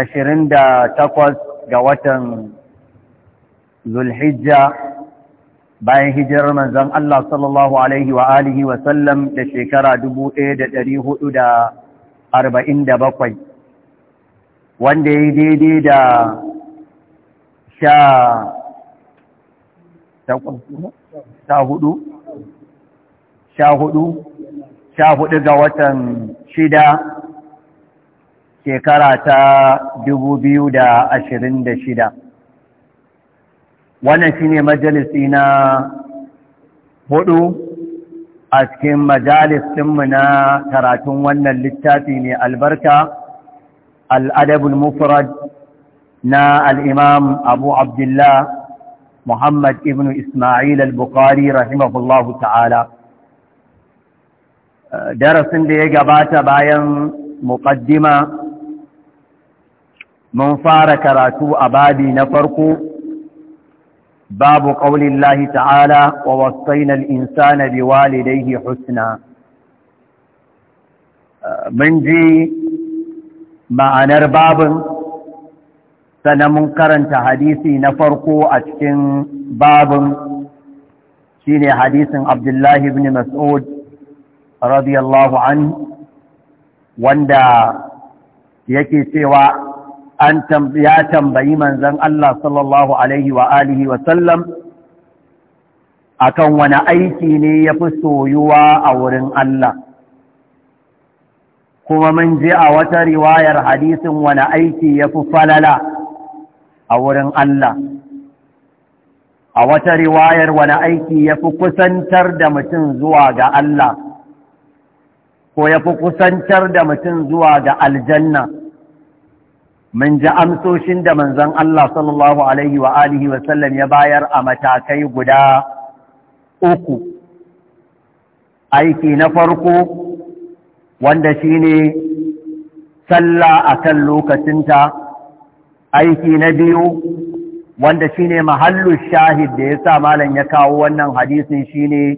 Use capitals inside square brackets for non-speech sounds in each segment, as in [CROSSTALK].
ashirin da takwas ga watan zulhijja bayan hijirar manzon Allah sallallahu alaihi wa alihi wa sallam da shekara bakwai, wanda ya daidai da sha hudu ga watan shida shekara ta shida. wannan shine majalisi na hudu a cikin majalis ɗinmu na karatun wannan littafi ne albarka al'adabul mufrad na al'imam abu abdullah muhammad ibn ismail al-bukhari rahimahullahu ta'ala darasin da ya gabata bayan muƙaddima mun fara karatu a babi na farko babu ƙaunin ta'ala wa wasainar insana bi walidaihi husna mun ji ma'anar babin sannan mun karanta hadisi na farko a cikin babin shine hadisin abdullahi ibn mas'ud radiyallahu an wanda yake cewa an ya tambayi manzon Allah sallallahu alaihi wa alihi wa sallam akan wani aiki ne ya fi soyuwa a wurin Allah kuma mun je a wata riwayar hadisin wani aiki ya fi falala a wurin Allah a wata riwayar wani aiki ya fi kusantar da mutum zuwa ga Allah ko ya fi kusantar da mutum zuwa ga aljanna mun ji amsoshin da manzon Allah sallallahu alaihi wa alihi wa ya bayar a matakai guda uku aiki na farko wanda shine sallah akan lokacinta aiki na biyu wanda shine mahallu shahid da ya sa malam ya kawo wannan hadisin shine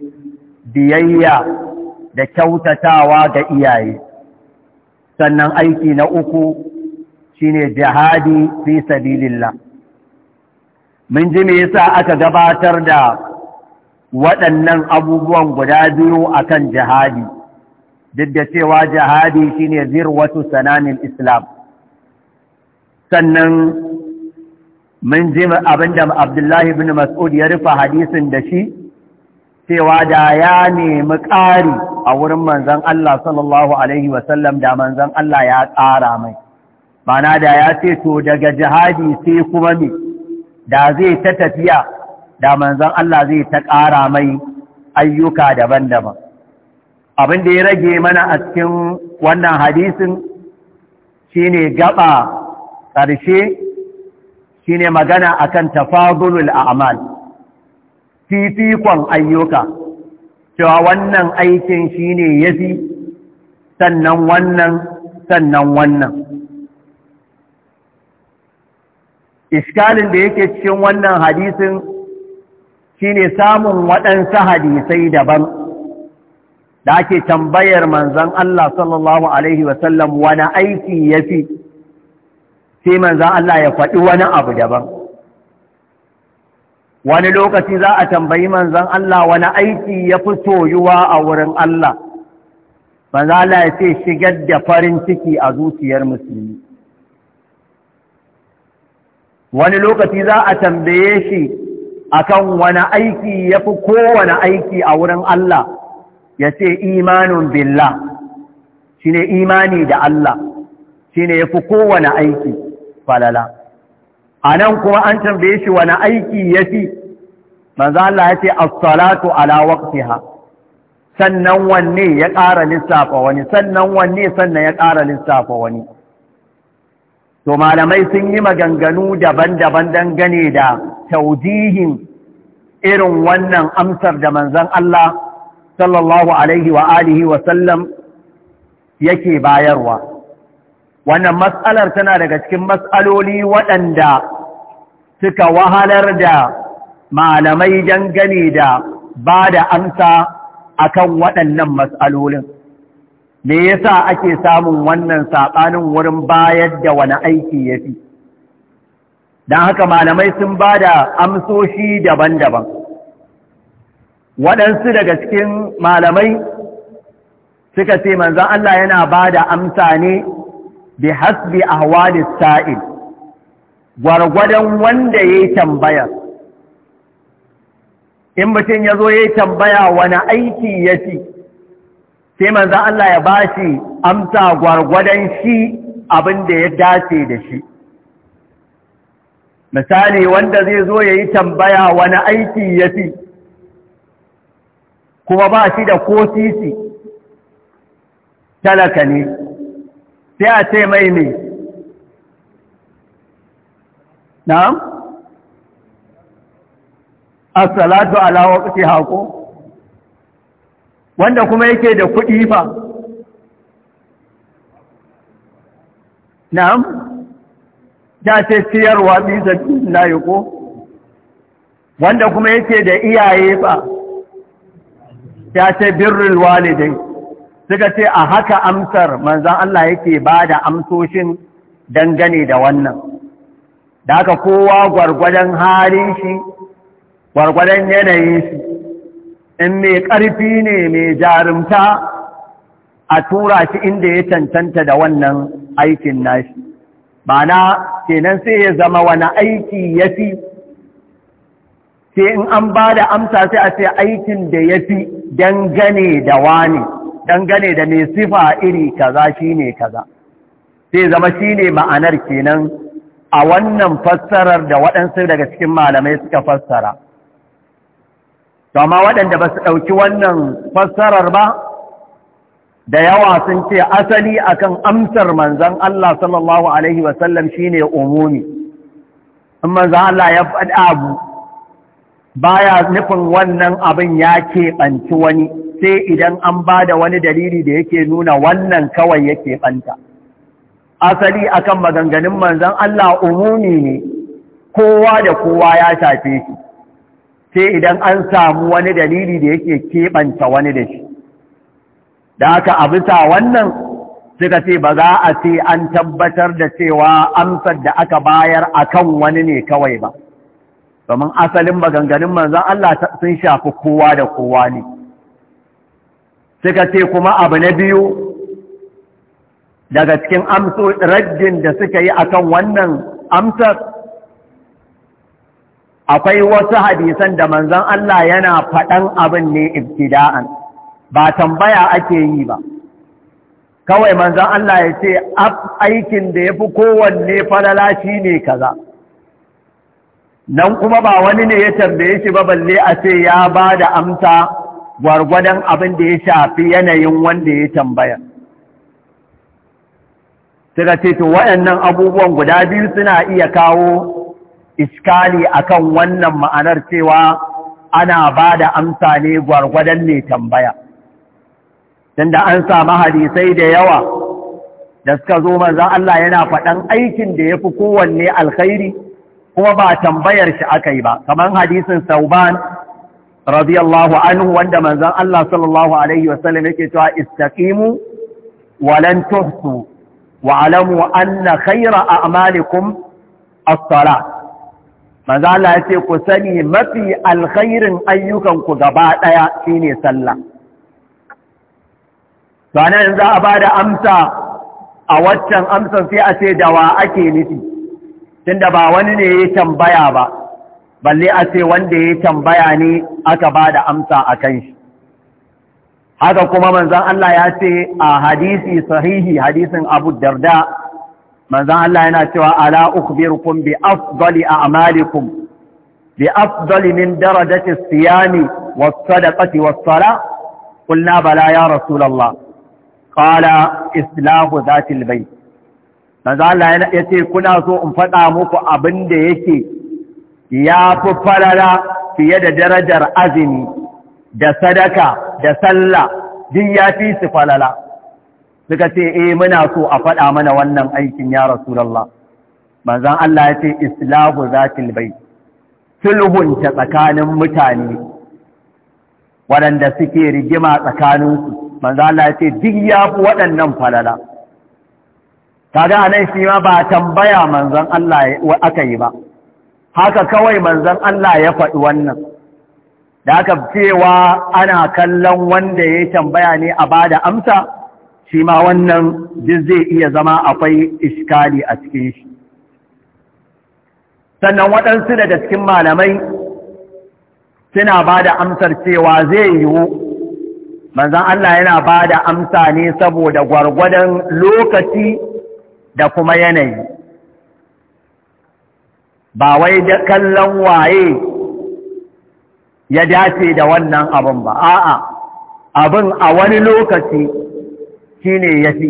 biyayya da kyautatawa ga iyaye sannan aiki na uku shine jihadi fi sabilillah mun ji me yasa aka gabatar da waɗannan abubuwan guda biyu akan jihadi duk da cewa jihadi shine zirwatu sananin islam sannan mun ji abinda abdullahi ibn mas'ud ya rufe hadisin da shi cewa da ya nemi ƙari a wurin manzan Allah sallallahu Alaihi wasallam da manzan Allah ya ƙara mai. mana da ya ce to daga jihadi sai kuma me da zai ta tafiya da manzon Allah zai ta ƙara mai ayyuka daban-daban abin da ya rage mana a cikin wannan hadisin shine gaba ƙarshe shine magana akan tafadulul a'mal fifikon ayyuka cewa wannan aikin shine yafi sannan wannan sannan wannan iskalin da yake cikin wannan hadisin shine samun waɗansa hadisai daban da ake tambayar manzan Allah sallallahu Alaihi wasallam wani aiki ya fi sai manzan Allah ya faɗi wani abu daban wani lokaci za a tambayi manzan Allah wani aiki ya fi soyuwa a wurin Allah manzan Allah ya ce shigar da farin ciki a zuciyar musulmi wani lokaci za a tambaye shi akan wani aiki ya fi kowane aiki a wurin Allah ya ce imanin billah shi ne imani da Allah shi ne ya fi kowane aiki falala a nan kuma an tambaye shi wani aiki ya fi manzo Allah ya ce assalatu ala waqtiha sannan wanne ya ƙara lissafa wani sannan wanne sannan ya ƙara lissafa wani to malamai sun yi maganganu daban-daban dangane da taudihin irin wannan amsar da manzan Allah sallallahu alaihi wa alihi yake bayarwa wannan matsalar tana daga cikin matsaloli waɗanda suka wahalar da malamai dangane da ba da amsa akan waɗannan matsalolin me yasa ake samun wannan saɓanin wurin bayar da wani aiki ya fi don haka malamai sun ba da amsoshi daban-daban waɗansu daga cikin malamai suka ce manzan Allah yana ba da amsa ne bi hasbi a ahwalis sa'il gwargwadon wanda ya yi tambaya in mutum ya zo ya yi tambaya wani aiki ya fi sai manzan Allah ya ba shi amsa gwargwadon shi abin da ya dace da shi misali wanda zai zo ya yi tambaya wani aiki ya fi kuma ba shi da ko sisi talaka ne sai a ce mai ne na? Asalatu ala waqtiha haƙo? wanda kuma yake da kuɗi fa na'am ya ce siyarwa na layi ko wanda kuma yake da iyaye fa ya ce birnin walidai suka ce a haka amsar manzan Allah yake ba da amsoshin dangane da wannan da haka kowa gwargwadon halin shi gwargwadon yanayin shi in mai ƙarfi ne mai jarumta a tura shi inda ya cancanta da wannan aikin nashi ba na kenan sai ya zama wani aiki ya fi sai in an ba da amsa sai a ce aikin da ya fi dangane da wani dangane da mai sifa iri kaza shi ne kaza sai zama shine ma'anar kenan a wannan fassarar da waɗansu daga cikin malamai suka fassara to amma waɗanda ba su ɗauki wannan fassarar ba da yawa sun ce asali akan amsar manzan Allah sallallahu alaihi wasallam shine umumi in manzan Allah ya faɗa abu baya nufin wannan abin ya keɓanci wani sai idan an ba da wani dalili da yake nuna wannan kawai ya ɓanta. asali akan maganganun manzan Allah umumi ne kowa da kowa ya shafe shi sai idan an samu wani dalili da yake keɓanta wani da shi da aka abisa wannan suka ce ba za a ce an tabbatar da cewa amsar da aka bayar akan wani ne kawai ba domin asalin maganganun manzan Allah sun shafi kowa da kowa ne suka ce kuma abu na biyu daga cikin raddin da suka yi akan wannan amsar akwai wasu hadisan da manzon Allah yana faɗan abin ne ibtida'an ba tambaya ake yi ba kawai manzon Allah ya ce aikin da ya fi kowanne falala shi ne kaza nan kuma ba wani ne ya tambaye shi ba balle a ce ya ba da amsa gwargwadon abin da ya shafi yanayin wanda ya tambaya suka ce to waɗannan abubuwan guda biyu suna iya kawo iskali akan wannan ma'anar cewa ana ba da amsa ne gwargwadon ne tambaya tunda an samu hadisai da yawa da suka zo manzan Allah yana faɗan aikin da ya fi kowanne alkhairi kuma ba tambayar shi aka yi ba kamar hadisin sauban radiyallahu anhu wanda manzan Allah sallallahu alaihi wasallam yake cewa istaqimu walan tuhsu wa alamu anna a a'malikum as-salat manzo Allah ya ce ku sani mafi alkhairin ayyukanku gaba ɗaya shine sallah to anan za a bada amsa a waccan amsan sai a ce da wa ake nufi tunda ba wani ne ya tambaya ba balle a ce wanda ya tambaya ne aka ba da amsa a kan shi haka kuma manzon Allah ya ce a hadisi sahihi hadisin Abu Darda manzon Allah yana cewa ala ukhbirukum bi afdali a'malikum bi afdali min darajati as-siyami was-sadaqati was-salah qulna bala ya rasulullah qala islahu dhati al-bayt Allah yace kuna so in faɗa muku abin da yake yafi farara fiye da darajar azumi da sadaka da sallah duk fi su falala suka ce e muna so a faɗa mana wannan aikin ya rasulullah manzon Allah ya ce islahu zatil bai sulhun ta tsakanin mutane waɗanda suke rigima tsakaninsu manzon Allah ya ce duk fi waɗannan falala kaga anan shi ma ba tambaya manzan Allah aka yi ba haka kawai manzon Allah ya faɗi wannan da aka cewa ana kallon wanda ya tambaya ne a ba da amsa shi ma wannan duk zai iya zama akwai iskali a cikin shi sannan waɗansu daga cikin malamai suna ba da amsar cewa zai yiwu manzan Allah yana ba da amsa ne saboda gwargwadon lokaci da kuma yanayi ba wai da kallon waye ya dace da wannan abin ba a'a abin a wani lokaci ya fi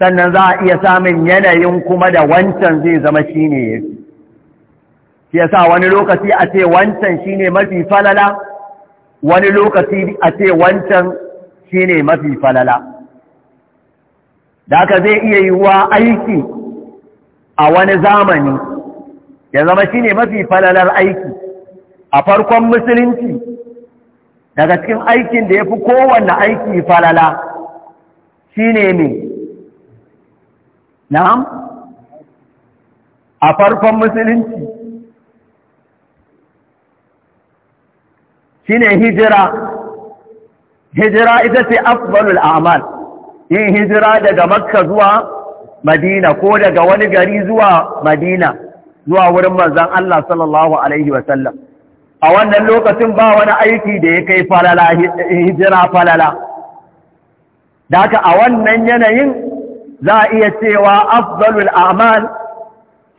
sannan za a iya samun yanayin kuma da wancan zai zama shi ya yafi shi sa wani lokaci a ce wancan shi ne mafi falala wani lokaci a ce wancan shi ne mafi falala da aka zai iya yi wa aiki a wani zamani ya zama shi ne mafi falalar aiki a farkon musulunci daga cikin aikin da ya fi kowanne aiki falala shine ne na'am a farkon musulunci shine hijira hijira ita ce afdalul a'mal yin hijira daga makka zuwa madina ko daga wani gari zuwa madina zuwa wurin manzon Allah sallallahu alaihi wasallam a wannan lokacin ba wani aiki da ya kai falala hijira falala da a wannan yanayin za a iya cewa afdalul amal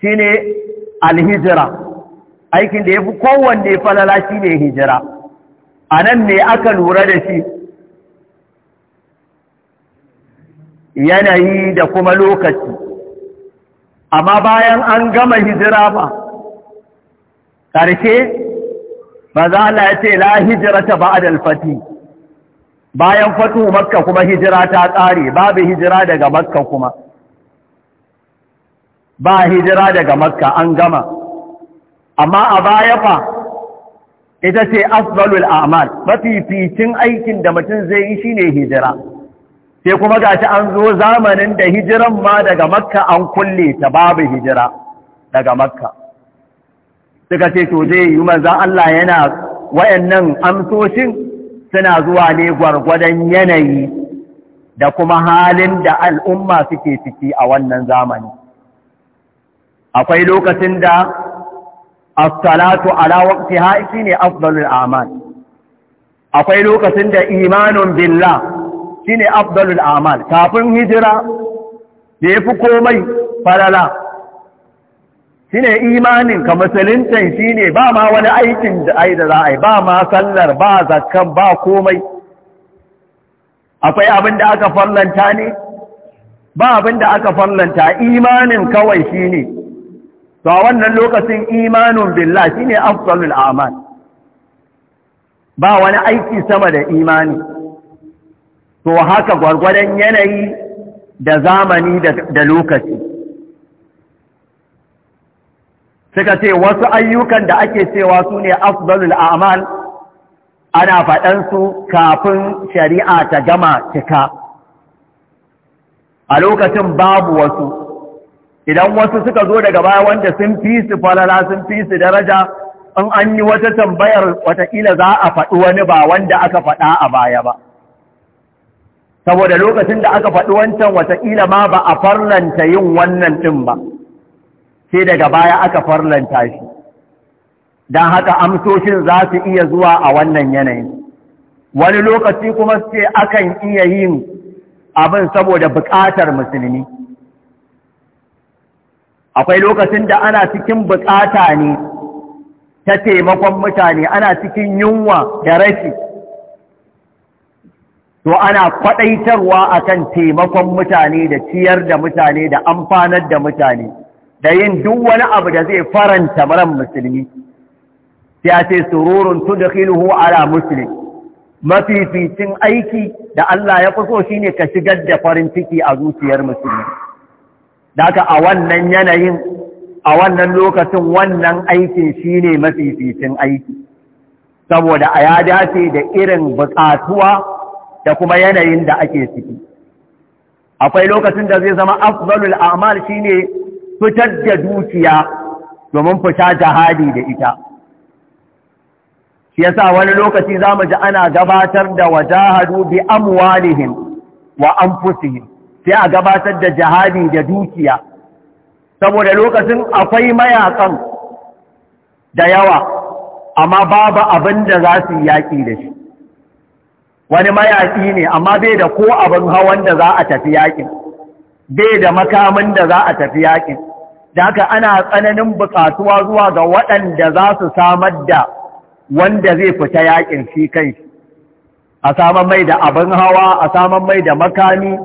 shine alhijira aikin da yafi kowanne falala shine hijira anan ne aka lura da shi yanayi da kuma lokaci amma bayan an gama hijira ba ƙarshe ba za a la ce la hijira ta ba'ad bayan fatu makka kuma hijira ta tsare babu hijira daga makka kuma ba hijira daga makka an gama amma a baya fa ita ce afdalul a'mal mafificin aikin da mutum zai yi shine hijira sai kuma ga gashi an zo zamanin da hijiran ma daga makka an kulle ta babu hijira daga makka suka ce to zai yi manzan Allah yana wayannan amsoshin suna zuwa ne gwargwadon yanayi da kuma halin da al'umma suke ciki a wannan zamani. Akwai lokacin da as-salatu ala waqtiha ne afdalul a'mal. Akwai lokacin da imanin billah ne afdalul a'mal. Kafin hijira da yafi komai falala shine imanin ka musuluntan shine ba ma wani aikin da ai da za a yi ba ma sallar ba zakkan ba komai akwai abin da aka farlanta ne ba abin da aka farlanta imanin kawai shine to a wannan lokacin imanun billah shine afdalul a'mal ba wani aiki sama da imani to haka gwargwadon yanayi da zamani da lokaci suka ce wasu ayyukan da ake cewa su ne afdalul a'mal ana su kafin shari'a ta gama cika a lokacin babu wasu idan wasu suka zo daga baya wanda sun fi su falala sun fi su daraja in an yi wata tambayar watakila za a faɗi wani ba wanda aka faɗa a baya ba saboda lokacin da aka faɗi wancan watakila ma ba a farlanta yin wannan ɗin ba sai daga baya aka farlanta shi don haka amsoshin za su iya zuwa a wannan yanayin wani lokaci kuma ce akan iya yin abin saboda bukatar musulmi akwai lokacin da ana cikin bukata ne ta taimakon mutane ana cikin yunwa da rashi to ana kwaɗaitarwa akan taimakon mutane da ciyar da mutane da amfanar da mutane da yin duk wani abu da zai faranta maran musulmi sai a ce sururun tudkhiluhu ala mafi mafificin aiki da Allah ya fi so shine ka shigar da farin ciki a zuciyar musulmi daga a wannan yanayin a wannan lokacin wannan aikin shine mafificin aiki saboda a ya dace da irin buƙatuwa da kuma yanayin da ake ciki akwai lokacin da zai zama afdalul a'mal shine fitar da dukiya domin fita jihadi da ita shi yasa wani lokaci zamu ji ana gabatar da wajahadu bi amwalihim wa anfusihim sai a gabatar da jihadi da dukiya saboda lokacin akwai mayakan da yawa amma babu abin da za su yaƙi da shi wani mayaƙi ne amma bai da ko abin hawan da za a tafi yaƙin bai da makamin da za a tafi yakin da haka ana tsananin bukatuwa zuwa ga waɗanda za su samar da wanda zai fita yakin shi kai a saman mai da abin hawa a saman mai da makami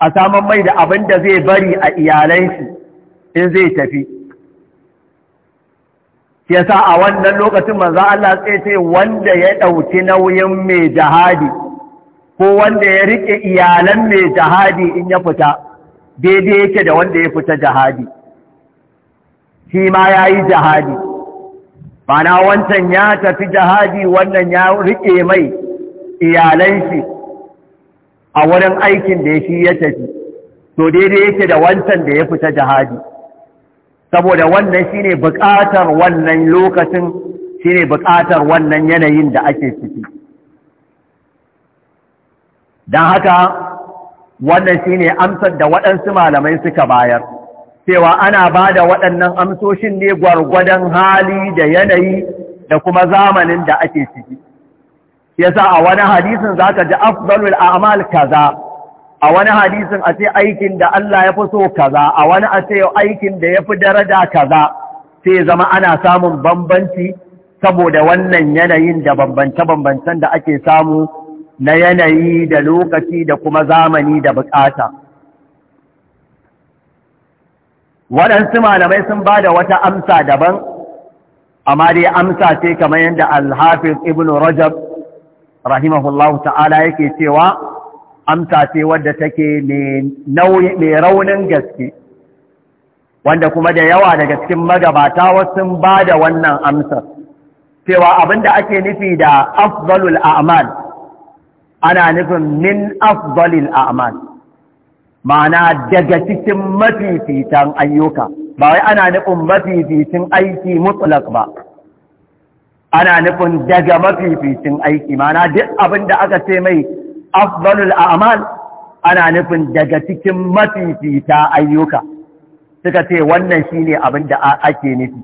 a saman mai da abin da zai bari a shi in zai tafi ke sa a wannan lokacin manzan Allah tsaye ce wanda ya ɗauki nauyin mai jihadi ko wanda ya riƙe iyalan mai jihadi in ya fita daidai yake da wanda ya fita jihadi shi ma ya yi jihadi mana wancan ya tafi jihadi wannan ya riƙe mai iyalan shi a wurin aikin da shi ya tafi to daidai yake da wancan da ya fita jihadi saboda wannan shi ne buƙatar wannan lokacin shi ne buƙatar wannan yanayin da ake ciki don haka wannan shi ne amsar da waɗansu malamai suka bayar cewa ana ba da waɗannan amsoshin ne gwargwadon hali da yanayi da kuma zamanin da ake ciki yasa a wani hadisin ka ji afdalul a'mal kaza a wani hadisin a ce aikin da Allah ya fi so kaza a wani a ce aikin da ya fi daraja kaza sai zama ana samun bambanci saboda wannan yanayin da bambance-bambancen da ake samu na yanayi da lokaci da kuma zamani da bukata waɗansu malamai sun ba da wata amsa daban amma dai amsa ce kamar yadda alhafiz ibn rajab rahimahullahu ta'ala yake cewa amsa ce wadda take mai raunin gaske wanda kuma da yawa daga cikin magabata wasu ba da wannan amsar cewa abinda ake nufi da afdalul a'mal ana nufin min afdalil a'mal ma'ana daga cikin mafificin ayyuka ba wai ana nufin mafificin aiki mutlak ba ana nufin daga mafificin aiki ma'ana duk abin da aka ce mai afdalul a'mal ana nufin daga cikin mafifita ayyuka suka ce wannan shine abin da ake nufi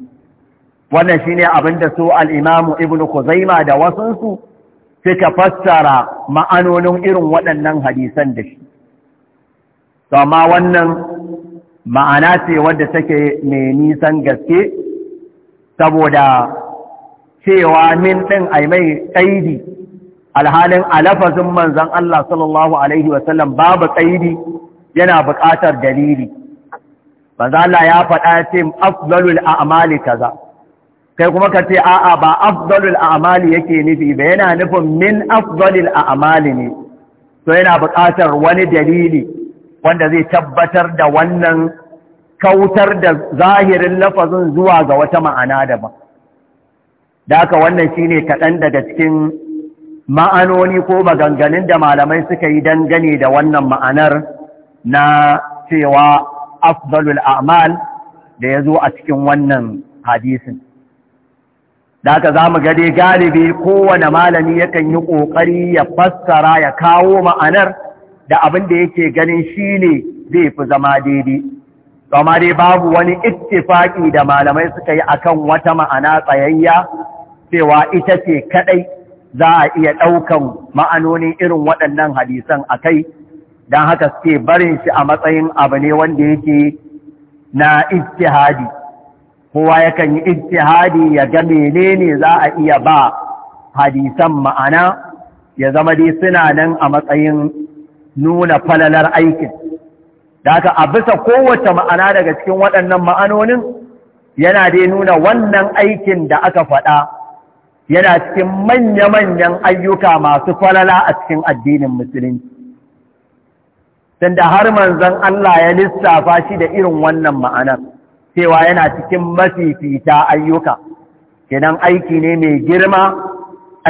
wannan shine abin da su al-imamu ibnu khuzaima da wasansu sai fassara ma'anonin irin waɗannan hadisan da shi amma wannan ma'ana ce wadda take mai nisan gaske saboda cewa min ɗin ai mai ƙaidi alhalin a alafazin manzan Allah sallallahu Alaihi wasallam babu ƙaidi yana buƙatar dalili manzan Allah ya faɗa ce afdalul a'mali kaza kai kuma ka ce a'a ba afdalul a'mali yake nufi ba yana nufin min afdalul a'mali ne to yana buƙatar wani dalili wanda zai tabbatar da wannan kautar da zahirin lafazin zuwa ga wata ma'ana daban da haka wannan shine kaɗan daga cikin ma'anoni ko maganganun da malamai suka yi dangane da wannan ma'anar na cewa afdalul a'mal da ya zo a cikin wannan hadisin da aka za mu gade galibi kowane malami yakan yi ƙoƙari ya fassara ya kawo ma'anar da abin da yake ganin shi ne zai fi zama daidai kama dai babu wani ittifaƙi da malamai suka yi akan wata ma'ana tsayayya cewa ita ce kaɗai za a iya ɗaukan ma'anonin irin waɗannan hadisan a kai don haka suke barin shi a matsayin abu ne wanda yake na ittihadi. kowa yakan yi ijtihadi ya ga menene za a iya ba hadisan ma'ana ya zama dai suna nan a matsayin nuna falalar aikin daga a bisa kowace ma'ana daga cikin waɗannan ma'anonin yana dai nuna wannan aikin da aka faɗa yana cikin manya-manyan ayyuka masu falala a cikin addinin musulunci tunda har manzon Allah ya lissafa shi da irin wannan ma'anar cewa yana cikin mafifita ayyuka kenan aiki ne mai girma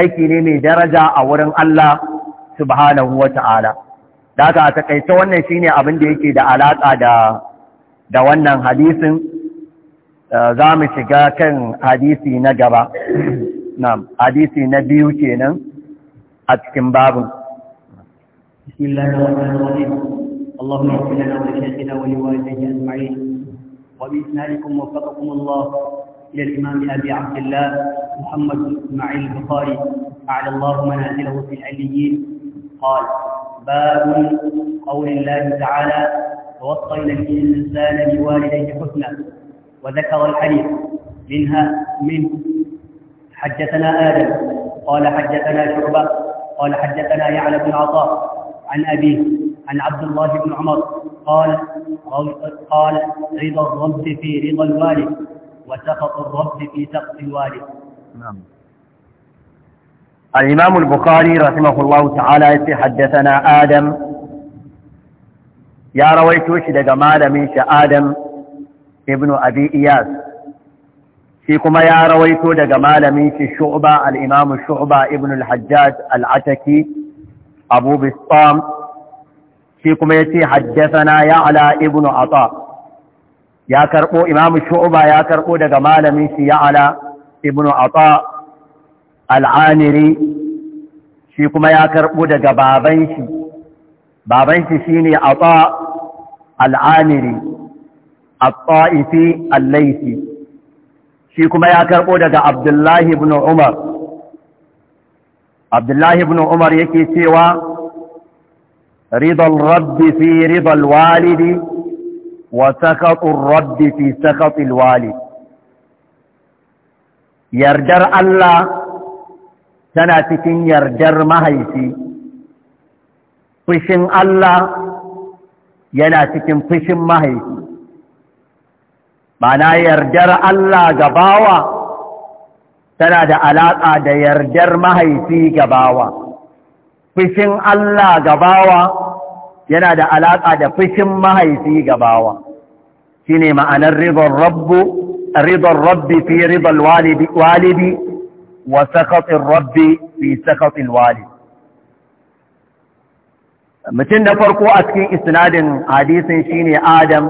aiki ne mai daraja a wurin Allah subhanahu wa ta'ala Daga a taƙaita wannan shi ne abin da yake da alaƙa da wannan hadisin za mu shiga kan hadisi na gaba [CLEARS THROAT] hadisi na biyu kenan a cikin babin بسم الله الرحمن الرحيم اللهم اغفر لنا ولشيخنا ولوالديه اجمعين وبإسنادكم وفقكم الله إلى الإمام أبي عبد الله محمد بن إسماعيل البخاري أعلى الله منازله في العليين قال باب قول الله تعالى توصينا الإنسان بوالديه حسنا وذكر الحديث منها منه حدثنا آدم قال حدثنا شعبة قال حدثنا يعلى بن عطاء عن أبيه عن عبد الله بن عمر قال قال رضا الرب في رضا الوالد وسخط الرب في سخط الوالد نعم الإمام البخاري رحمه الله تعالى حدثنا آدم يا رويتوش دقمال من شا آدم ابن أبي إياس فيكما يا ya rawaito daga malamin shi الشعبة al-imam shu'ba ibn al-hajjaj al shi kuma ya ce haddasana ya ala Ibnu ata ya karɓo imam shu'ba ya karɓo daga malamin shi ya ala Ibnu ata al'amiri shi kuma ya karɓo daga baban shi baban shi ne ata al'amiri at-ta'ifi al shi kuma ya karɓo daga abdullahi Ibnu umar abdullahi Ibnu umar yake cewa رضا الرب في رضا الوالد وسخط الرب في سخط الوالد يرجر الله سنة كن يرجر مهيسي قشن الله ينا كن قشن مهيسي معنى يرجر الله قباوة سنة دعلاقة دا يرجر مهيسي قباوة fushin Allah gabawa yana da alaƙa da fushin mahaifi gabawa shi ne ma'anar ridon rabbi fi ridon walidi wa sakatsin rabbi fi sakatsin walidi mutum da farko a cikin isnadin hadisin shine adam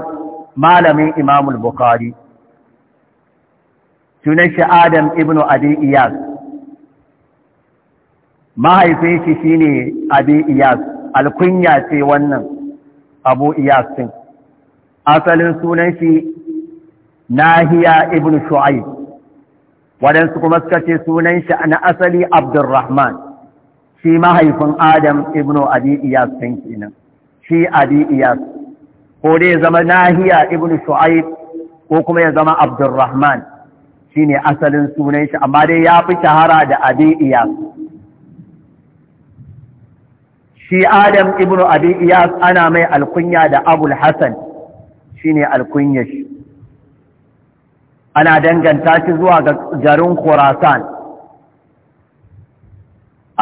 malamin imamul bukari sunan shi adam ibnu adi iyas mahaifin shi shine abi iyas alkunya ce wannan abu iyas din asalin sunan shi nahiya ibn shu'aib waɗansu kuma suka ce sunan shi na asali abdurrahman shi mahaifin adam ibn abi iyas din kenan shi abi iyas ko dai zama nahiya ibn shu'aib ko kuma ya zama abdurrahman shine asalin sunan shi amma dai ya fi shahara da abi iyas shi adam ibnu abi iyas ana mai alkunya da abul hasan shine alkunya shi ana danganta shi zuwa ga garin khurasan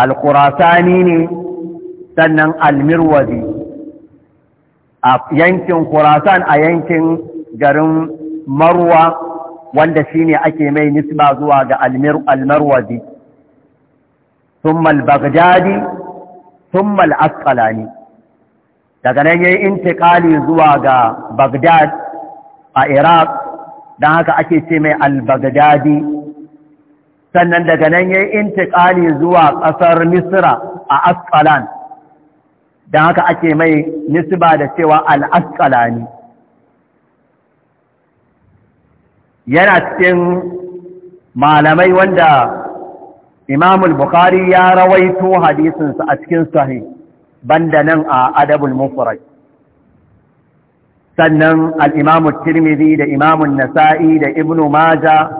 al-khurasani ne sannan al-mirwazi a yankin khurasan a yankin garin marwa wanda shine ake mai nisba zuwa ga al-marwazi thumma thumma al daga nan yayi intiqali zuwa ga Bagdad a Iraq dan haka ake ce mai al-Baghdadi sannan daga nan yayi intiqali zuwa ƙasar Misra a Asqalan dan haka ake mai nisba da cewa al-Asqalani yana cikin malamai wanda Imam al-Bukhari ya rawaito hadisin sa a cikin sahih banda nan a Adabul Mufrad sannan al-Imam tirmidhi da Imam an-Nasa'i da Ibn Majah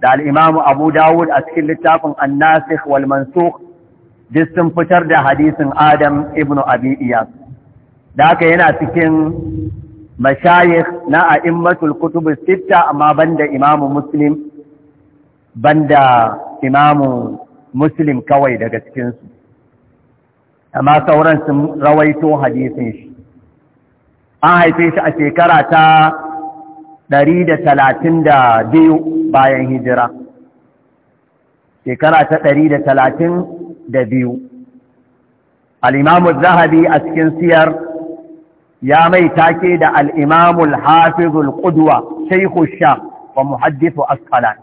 da al-Imam Abu Dawud a cikin littafin An-Nasikh wal Mansukh duk sun fitar da hadisin Adam ibn Abi Iyas da haka yana cikin mashayikh na a'immatul kutub sitta amma banda Imam Muslim banda imamu muslim kawai daga cikinsu amma sauran sun rawaito hadisin shi an haife shi a shekara ta ɗari da da biyu bayan hijira shekara ta ɗari da da biyu. al'imamu zahabi a cikin siyar ya mai take da al'imamu al-hafizul ƙudwa shaikhu sha wa muhaddisu asqalani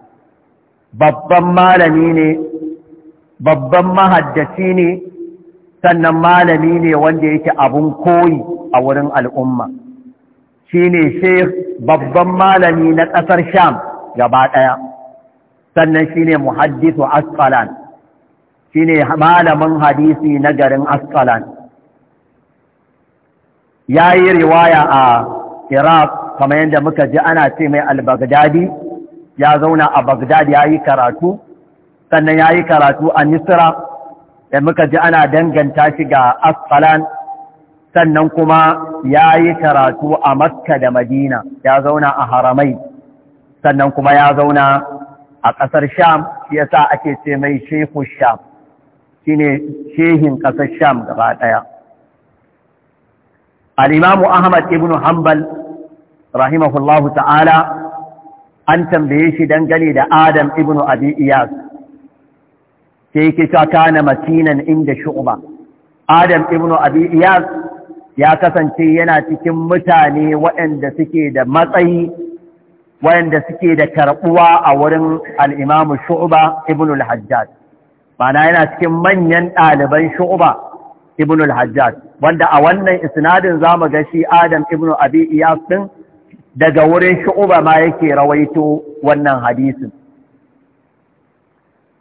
babban malami ne babban mahaddaci ne sannan malami ne wanda yake abun koyi a wurin al'umma shi ne sheikh babban malami na ƙasar sham gaba ɗaya sannan shi ne muhaddisu askalan shi ne malamin hadisi na garin askalan ya yi riwaya a iraq kamar yadda muka ji ana ce mai albagdadi ya zauna a Baghdad ya yi karatu sannan ya yi karatu a nisra da muka ji ana danganta shi ga Asfalan sannan kuma ya yi karatu a Makka da Madina ya zauna a Haramai sannan kuma ya zauna a ƙasar Sham shi yasa ake ce mai Shehu Sham shine shehin ƙasar Sham gaba ɗaya al Ahmad ibn Hanbal rahimahullahu ta'ala an tambaye shi dangane da Adam ibn Abi Iyas sai yake cewa kana makinan inda shu'ba Adam ibn Abi Iyas ya kasance yana cikin mutane waɗanda suke da matsayi waɗanda suke da karɓuwa a wurin al'imamu Shu'ba ibn al ma'ana yana cikin manyan ɗaliban Shu'ba ibn al wanda a wannan isnadin zamu ga shi Adam ibn Abi Iyas din daga wurin shu'uba ma yake rawaito wannan hadisin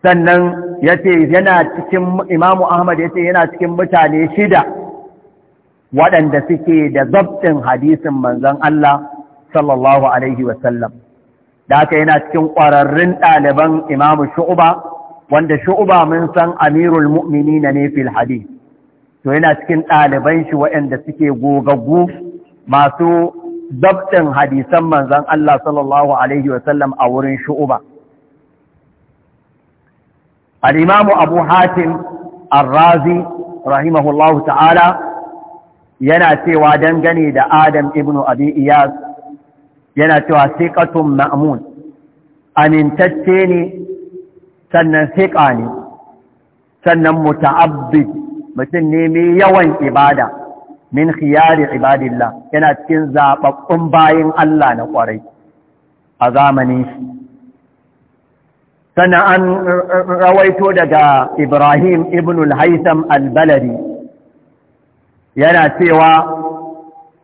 sannan ya ce yana cikin imamu ahmad ya ce yana cikin mutane shida waɗanda suke da zabtin hadisin manzon Allah sallallahu alaihi wasallam da aka yana cikin ƙwararrun ɗaliban imamu shu'uba wanda shu'uba mun san amirul mu'mini na ne fil hadis to yana cikin ɗaliban shi waɗanda suke gogaggu masu zabtin hadisan manzan Allah sallallahu Alaihi wasallam a wurin shu'uba. Al'imamu Abu Hatim al-Razi, rahimahullahu ta'ala, yana cewa dangane da Adam ibn Abi Iyaz, yana cewa siƙatun ma'amun, amintacce ne, sannan siƙa ne, sannan muta'abbid mutum ne mai yawan ibada. min khiyari ibadillah yana cikin zaɓaɓɓun bayin Allah na ƙwarai a zamanin shi sannan an rawaito daga Ibrahim ibn al al-Balari yana cewa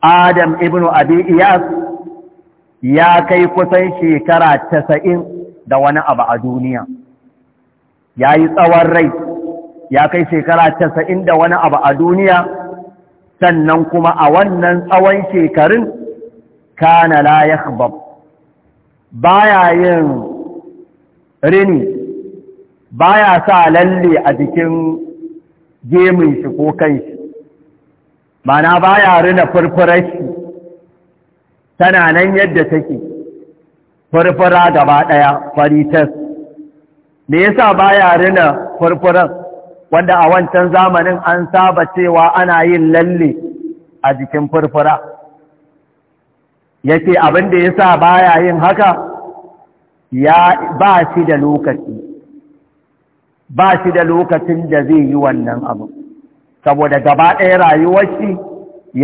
Adam ibn Abi Iyas ya kai kusan shekara tasa'in da wani abu a duniya ya yi tsawon rai ya kai shekara tasa'in da wani abu a duniya sannan kuma a wannan tsawon shekarun kana la Ba baya yin rini baya sa lalle a jikin gemun shi ko kai shi mana baya rina furfurar shi tana nan yadda take furfura gaba ɗaya faritas me yasa baya rina furfurar wanda a wancan zamanin an saba cewa ana yin lalle a jikin furfura yake abin da ya sa baya yin haka ya ba shi da lokaci ba shi da lokacin da zai yi wannan abu saboda gaba ɗaya rayuwar shi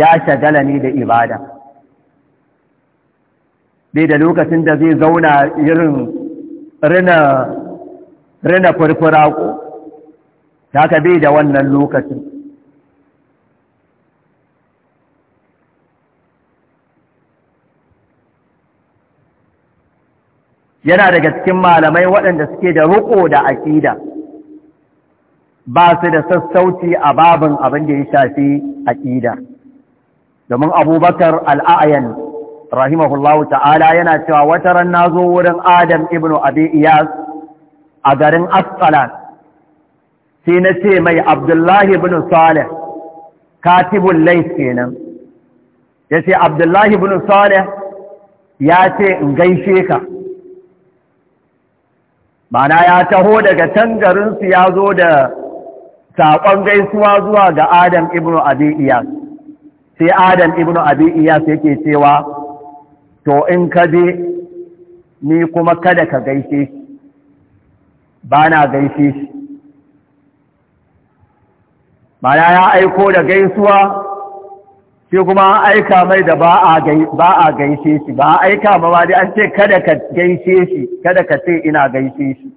ya shagala ne da ibada bai da lokacin da zai zauna irin rina furfura ko ta ka bai da wannan lokacin yana daga cikin malamai waɗanda suke da riƙo da aƙida ba su da sassauci a babin abin da ya shafi aƙida domin abubakar al'ayan rahimahullahu ta'ala yana cewa wata ran na zo wurin adam ibn abi iyas a garin asqalan sai na ce mai abdullahi bin salih katibun lais kenan ya ce abdullahi bin salih ya ce in gaishe ka mana ya taho daga tangarinsu garinsu ya zo da saƙon gaisuwa zuwa ga adam ibn abi sai adam ibn abi iyas yake cewa to in ka je ni kuma kada ka gaishe shi ba na gaishe shi mana ya aiko da gaisuwa shi kuma an aika mai da ba a gaishe shi ba aika ma dai an ce kada ka gaishe shi kada ka ce ina gaishe shi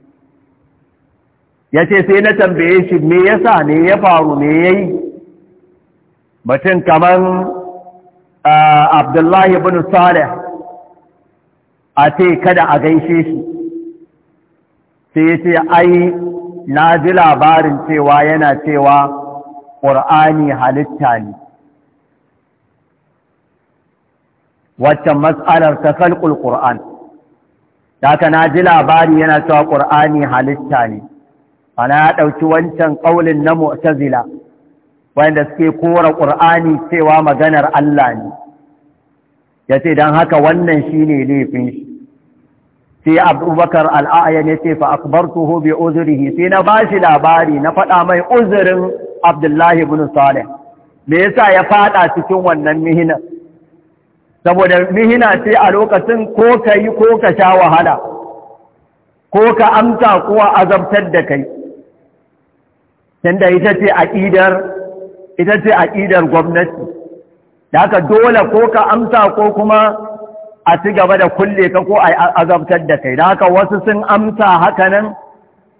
ya ce sai na tambaye shi me yasa ne ya faru ne ya yi mutum kamar abdullahi bin salih a ce kada a gaishe shi sai ya ce ai na ji labarin cewa yana cewa ƙur'ani halitta ne waccan mas'alar ta kalƙul ƙur'an ka na ji labari yana cewa ƙur'ani halitta ne ana ya ɗauki wancan ƙaulin na mu'tazila wanda suke kora ƙur'ani cewa maganar Allah ne ya ce don haka wannan shi ne laifin shi sai abubakar al'ayan ya ce fa akbartuhu bi uzurihi sai na ba shi labari na faɗa mai uzurin Abdullahi ibn Salih me yasa ya fada cikin wannan mihina saboda mihina ce a lokacin ko kai ko ka sha wahala ko ka amsa kuwa azabtar da kai tunda ita ce aqidar ita ce aqidar gwamnati da haka dole ko ka amsa ko kuma a ci gaba da kulle ka ko a azabtar da kai da haka wasu sun amsa haka nan.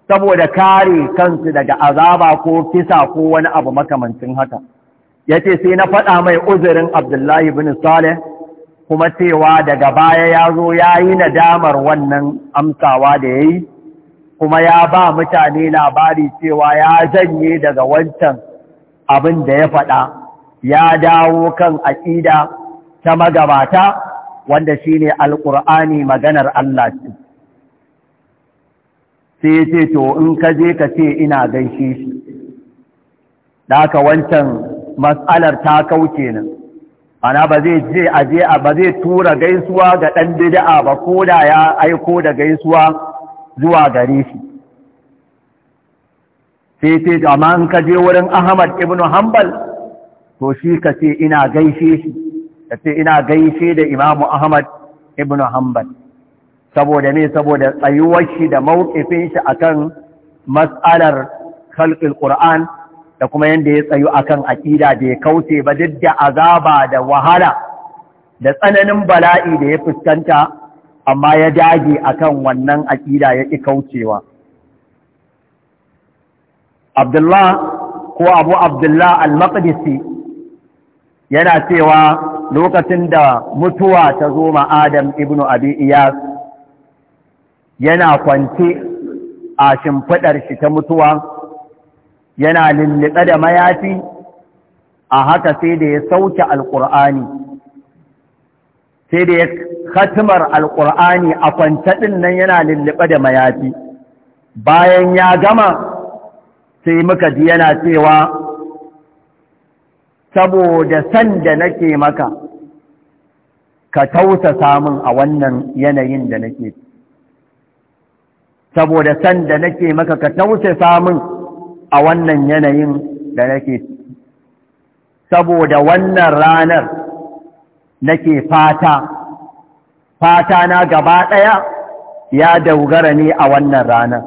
saboda kare kansu daga azaba ko kisa ko wani abu makamancin haka ya ce sai na faɗa mai uzurin Abdullahi bin Saleh kuma cewa daga baya ya zo ya yi nadamar wannan amsawa da ya yi kuma ya ba mutane labari cewa ya janye daga wancan abin da ya faɗa ya dawo kan aƙida ta magabata wanda shine alƙur'ani maganar Allah ce sai ya ce to in ka je ka ce ina gaishe shi da aka wancan matsalar ta kauce nan ana ba zai je a je ba zai tura gaisuwa ga ɗan bid'a ba ko da ya aiko da gaisuwa zuwa gare shi sai ce amma in ka je wurin Ahmad ibn Hanbal to shi ka ce ina gaishe shi ka ce ina gaishe da Imam Ahmad ibn Hanbal saboda me saboda tsayuwar shi da mawukifin shi akan matsalar khalqil qur'an da kuma yadda ya tsayu akan aƙida da ya kauce ba duk da azaba da wahala da tsananin bala'i da ya fuskanta amma ya dage akan wannan aƙida ya ki kaucewa Abdullah ko Abu Abdullah al-Maqdisi yana cewa lokacin da mutuwa ta zo ma Adam ibnu Abi Iyas yana kwance a shimfiɗar shi ta mutuwa yana lulluɗe da mayafi a haka sai da ya sauke alƙur'ani sai da ya khatimar alƙur'ani a kwance ɗin nan yana lullube da mayafi bayan ya gama sai muka ji yana cewa saboda san da nake maka ka tausa samun a wannan yanayin da nake saboda sanda nake maka ka tausasa min a wannan yanayin da nake saboda wannan ranar nake fata fata na gaba ɗaya ya daugara ne a wannan rana.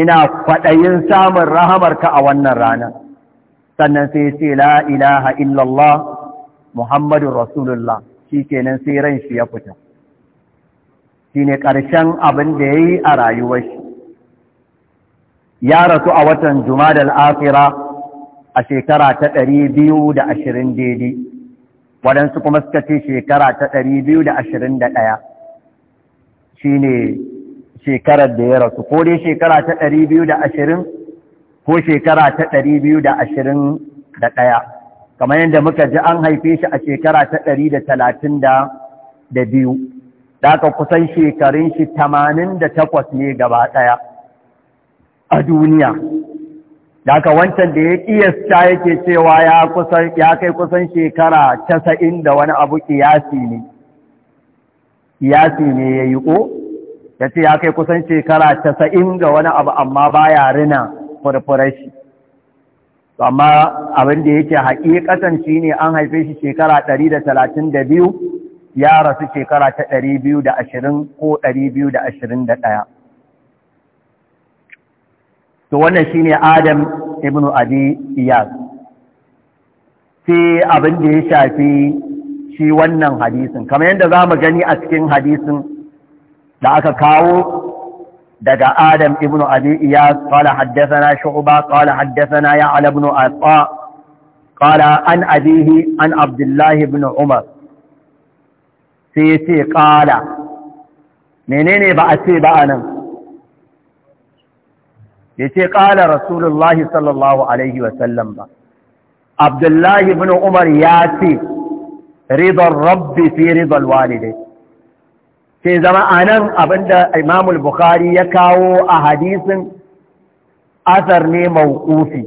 ina kwaɗayin samun rahamarka a wannan rana. sannan sai ce la ilaha illallah muhammadun rasulullah shi kenan sai ran shi ya fita shine ƙarshen abin da ya yi a rayuwar shi ya rasu a watan jumadal afira a shekara ta ɗari biyu da ashirin daidai waɗansu kuma suka ce shekara ta ɗari biyu da ashirin da ɗaya ne shekarar da ya rasu ko dai shekara ta ɗari biyu da ashirin ko shekara ta ɗari biyu da ashirin da ɗaya kamar yadda muka ji an haife shi a shekara ta ɗari da talatin da biyu da aka kusan shekarun shi tamanin da takwas ne gaba ɗaya a duniya da aka wancan da ya ƙiyasta yake cewa ya kai kusan shekara casa'in da wani abu ƙiyasi ne ƙiyasi ne ya yi ko ya ce ya kai kusan shekara casa'in da wani abu amma baya rina shi. amma abin da yake haƙiƙatan shi ne an haife shi shekara ɗari da talatin da biyu ya rasu shekara ta ɗari biyu da ashirin ko ɗari biyu da ashirin da ɗaya. To wannan shi ne Adam ibn Abi Iyas. Sai abin da ya shafi shi wannan hadisin, kamar yadda za mu gani a cikin hadisin da aka kawo daga Adam ibn Abi Iyas, ƙala haddasa na shu'uba, ƙala haddasa na ya'ala ibn Asa, ƙala an abihi an Abdullahi ibn Umar. sai ya ce ƙala menene ba a ce ba a nan ya ce ƙala rasulullahi sallallahu alaihi wasallam ba abdullahi bin umar ya ce ridar rabbi fi ridar walidai sai zama a nan abinda imamul bukhari ya kawo a hadisin asar ne mawukufi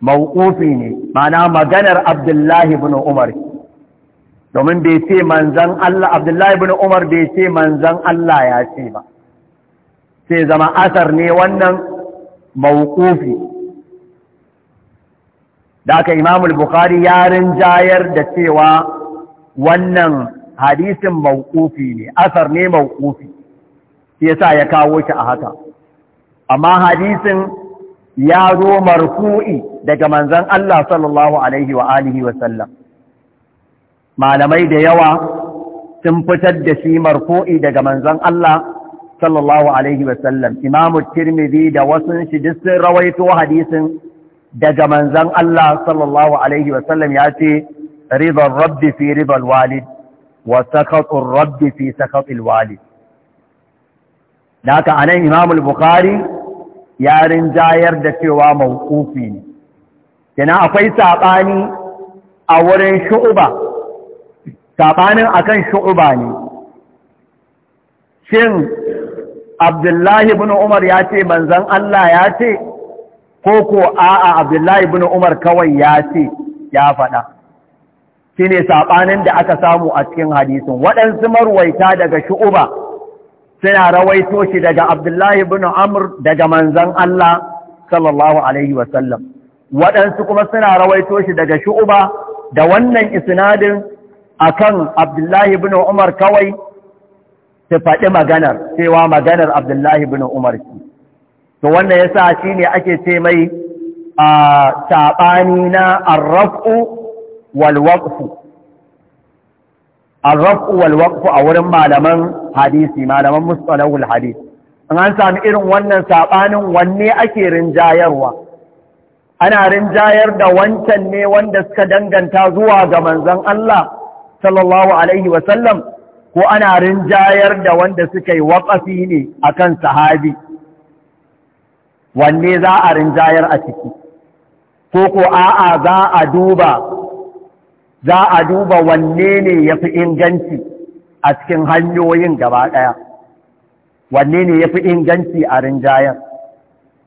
mawukufi ne mana maganar abdullahi bin umar domin bai ce manzan Allah Abdullahi ibn Umar bai ce manzan Allah ya ce ba sai zama asar ne wannan mawqufi da aka Imam bukhari ya rinjayar da cewa wannan hadisin ma'uƙufi ne asar ne ma'uƙufi. sai sa ya kawo shi a haka amma hadisin ya zo marfu'i daga manzan Allah sallallahu alaihi wa alihi wa sallam malamai da yawa sun fitar da shi marfu'i daga manzon Allah sallallahu alaihi wasallam imamu tirmidhi da wasu shi duk sun rawaito hadisin daga manzon Allah sallallahu alaihi wasallam ya ce ridar rabbi fi ridar walid wa sakatun rabbi fi sakatul walid da haka a nan imamul bukari ya rinjayar da cewa mawukufi ne kina akwai saɓani a wurin shu'uba saɓanin a akan shu'uba ne shin abdullahi ibn umar ya ce manzon Allah ya ce ko ko a'a abdullahi ibn umar kawai ya ce ya faɗa ne saɓanin da aka samu a cikin hadisin waɗansu marwaita daga shu'uba suna rawaito shi daga abdullahi ibn Amur, daga manzon Allah sallallahu alaihi wasallam waɗansu kuma suna rawaito shi daga shu'uba da wannan isnadin akan Abdullahi ibn Umar kawai ta faɗi maganar cewa maganar Abdullahi ibn Umar ce to wannan yasa shine ake ce mai a taɓani na arrafu wal waqfu arrafu wal waqfu a wurin malaman hadisi malaman mustalahul hadisi in an sami irin wannan sabanin wanne ake rinjayarwa ana rinjayar da wancan ne wanda suka danganta zuwa ga manzon Allah sallallahu alaihi wasallam ko ana rinjayar da wanda suka yi waƙafi ne a kan sahabi wanne za a rinjayar a ciki ko ko a'a za a duba za a duba wanne ne ya fi inganci a cikin hanyoyin gaba ɗaya wanne ne ya fi inganci a rinjayar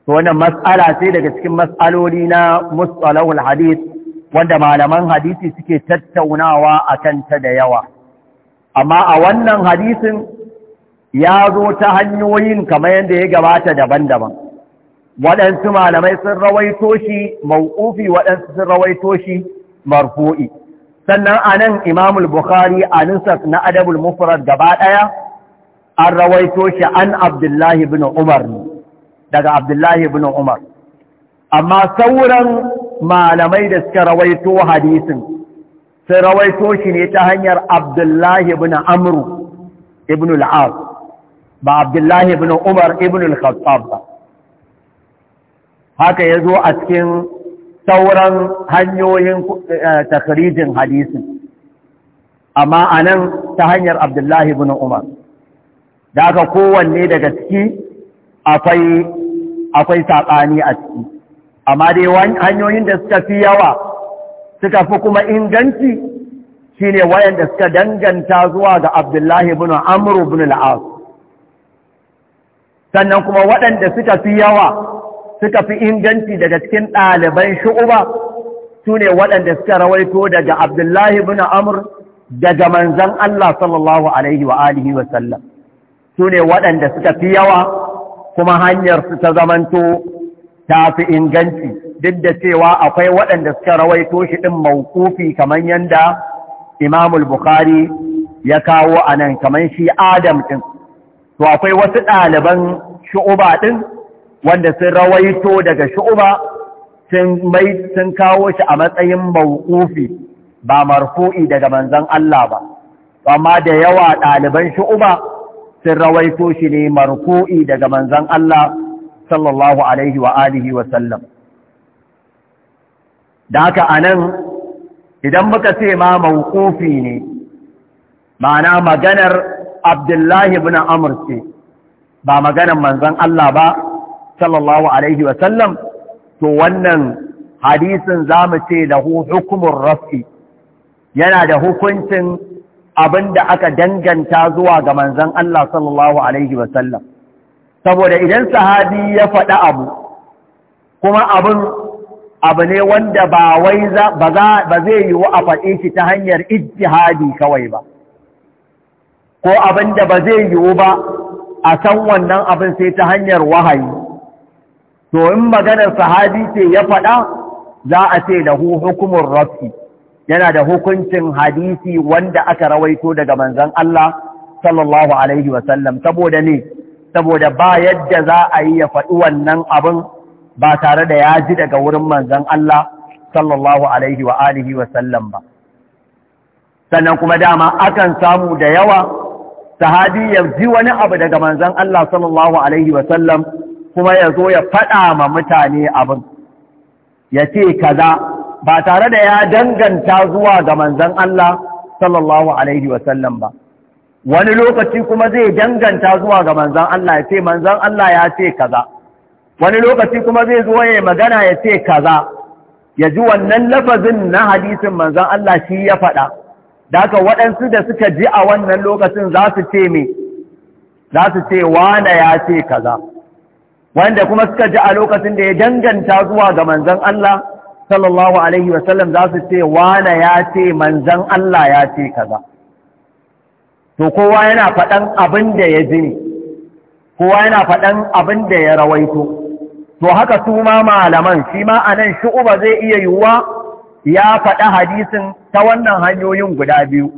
to wannan mas'ala sai daga cikin mas'aloli na mustalahul hadith wanda malaman hadisi suke tattaunawa a kanta da yawa amma a wannan hadisin ya zo ta hanyoyin kamar yadda ya gabata daban-daban waɗansu malamai sun rawaito shi mawqufi waɗansu sun rawaito shi marfu'i sannan anan nan imamul bukhari a nusaf na Adabul Mufrad gaba ɗaya an rawaito shi an Abdullahi bin Umar daga Abdullahi bin Umar amma sauran malamai da suka rawaito hadisin sun rawaito shi ne ta hanyar abdullahi ibn amru ibn al'as ba abdullahi ibn umar ibn al-khattab ba haka ya zo a cikin sauran hanyoyin eh, takarijin hadisin amma a nan ta hanyar abdullahi ibn umar da aka kowanne daga ciki akwai saƙani a ciki amma dai hanyoyin da suka fi yawa suka fi kuma inganci shine wayanda suka danganta zuwa ga Abdullahi bin Amr bin al sannan kuma waɗanda suka fi yawa suka fi inganci daga cikin ɗaliban shu'uba su ne waɗanda suka rawaito daga Abdullahi bin Amur daga manzan Allah sallallahu alaihi wa alihi wa su ne waɗanda suka fi yawa kuma hanyar su ta zamanto ta fi inganci duk da cewa akwai waɗanda suka rawaito shi ɗin mawkufi kamar yadda imamul bukhari ya kawo a nan kamar shi adam ɗin to akwai wasu ɗaliban shu'uba ɗin wanda sun rawaito daga shu'uba sun kawo shi a matsayin mawkufi ba marfu'i daga manzan Allah ba amma da yawa ɗaliban shu'uba sun rawaito shi ne marfu'i daga manzan Allah sallallahu alaihi wa alihi wa sallam da haka anan idan muka ce ma mawqufi ne ma'ana maganar Abdullahi ibn Amr ce ba maganar manzan Allah ba sallallahu alaihi wa sallam to wannan hadisin za mu ce lahu hukumur rafi yana da hukuncin abinda aka danganta zuwa ga manzan Allah sallallahu alaihi wa sallam saboda idan sahabi ya faɗa abu kuma abin abu ne wanda ba wai ba zai yiwu a faɗe shi ta hanyar ijtihadi kawai ba ko abin da ba zai yiwu ba a san wannan abin sai ta hanyar wahayi to in maganar sahabi ce ya faɗa za a ce da hukumin rafi yana da hukuncin hadisi wanda aka rawaito daga manzon Allah sallallahu alaihi wasallam saboda ne saboda ba yadda za a yi ya faɗi wannan abin ba tare da ya ji daga wurin manzan Allah sallallahu alaihi wa alihi ba sannan kuma dama akan samu da yawa sahabi ya ji wani abu daga manzan Allah sallallahu alaihi kuma ya zo ya faɗa ma mutane abin ya ce kaza ba tare da ya danganta zuwa ga manzan Allah sallallahu alaihi ba wani lokaci kuma zai danganta zuwa ga manzan Allah ya ce manzan Allah ya ce kaza wani lokaci kuma zai zo ya magana ya ce kaza ya ji wannan lafazin na hadisin manzan Allah shi ya faɗa da haka waɗansu da suka ji a wannan lokacin za su ce me za su ce wane ya ce kaza wanda kuma suka ji a lokacin da ya danganta zuwa ga manzan Allah sallallahu alaihi wasallam za su ce wane ya ce manzan Allah ya ce kaza to kowa yana faɗan abin da ya jini, kowa yana faɗan abin da ya rawaito to haka su ma malaman shi ma a nan shu'uba zai iya yiwuwa ya faɗa hadisin ta wannan hanyoyin guda biyu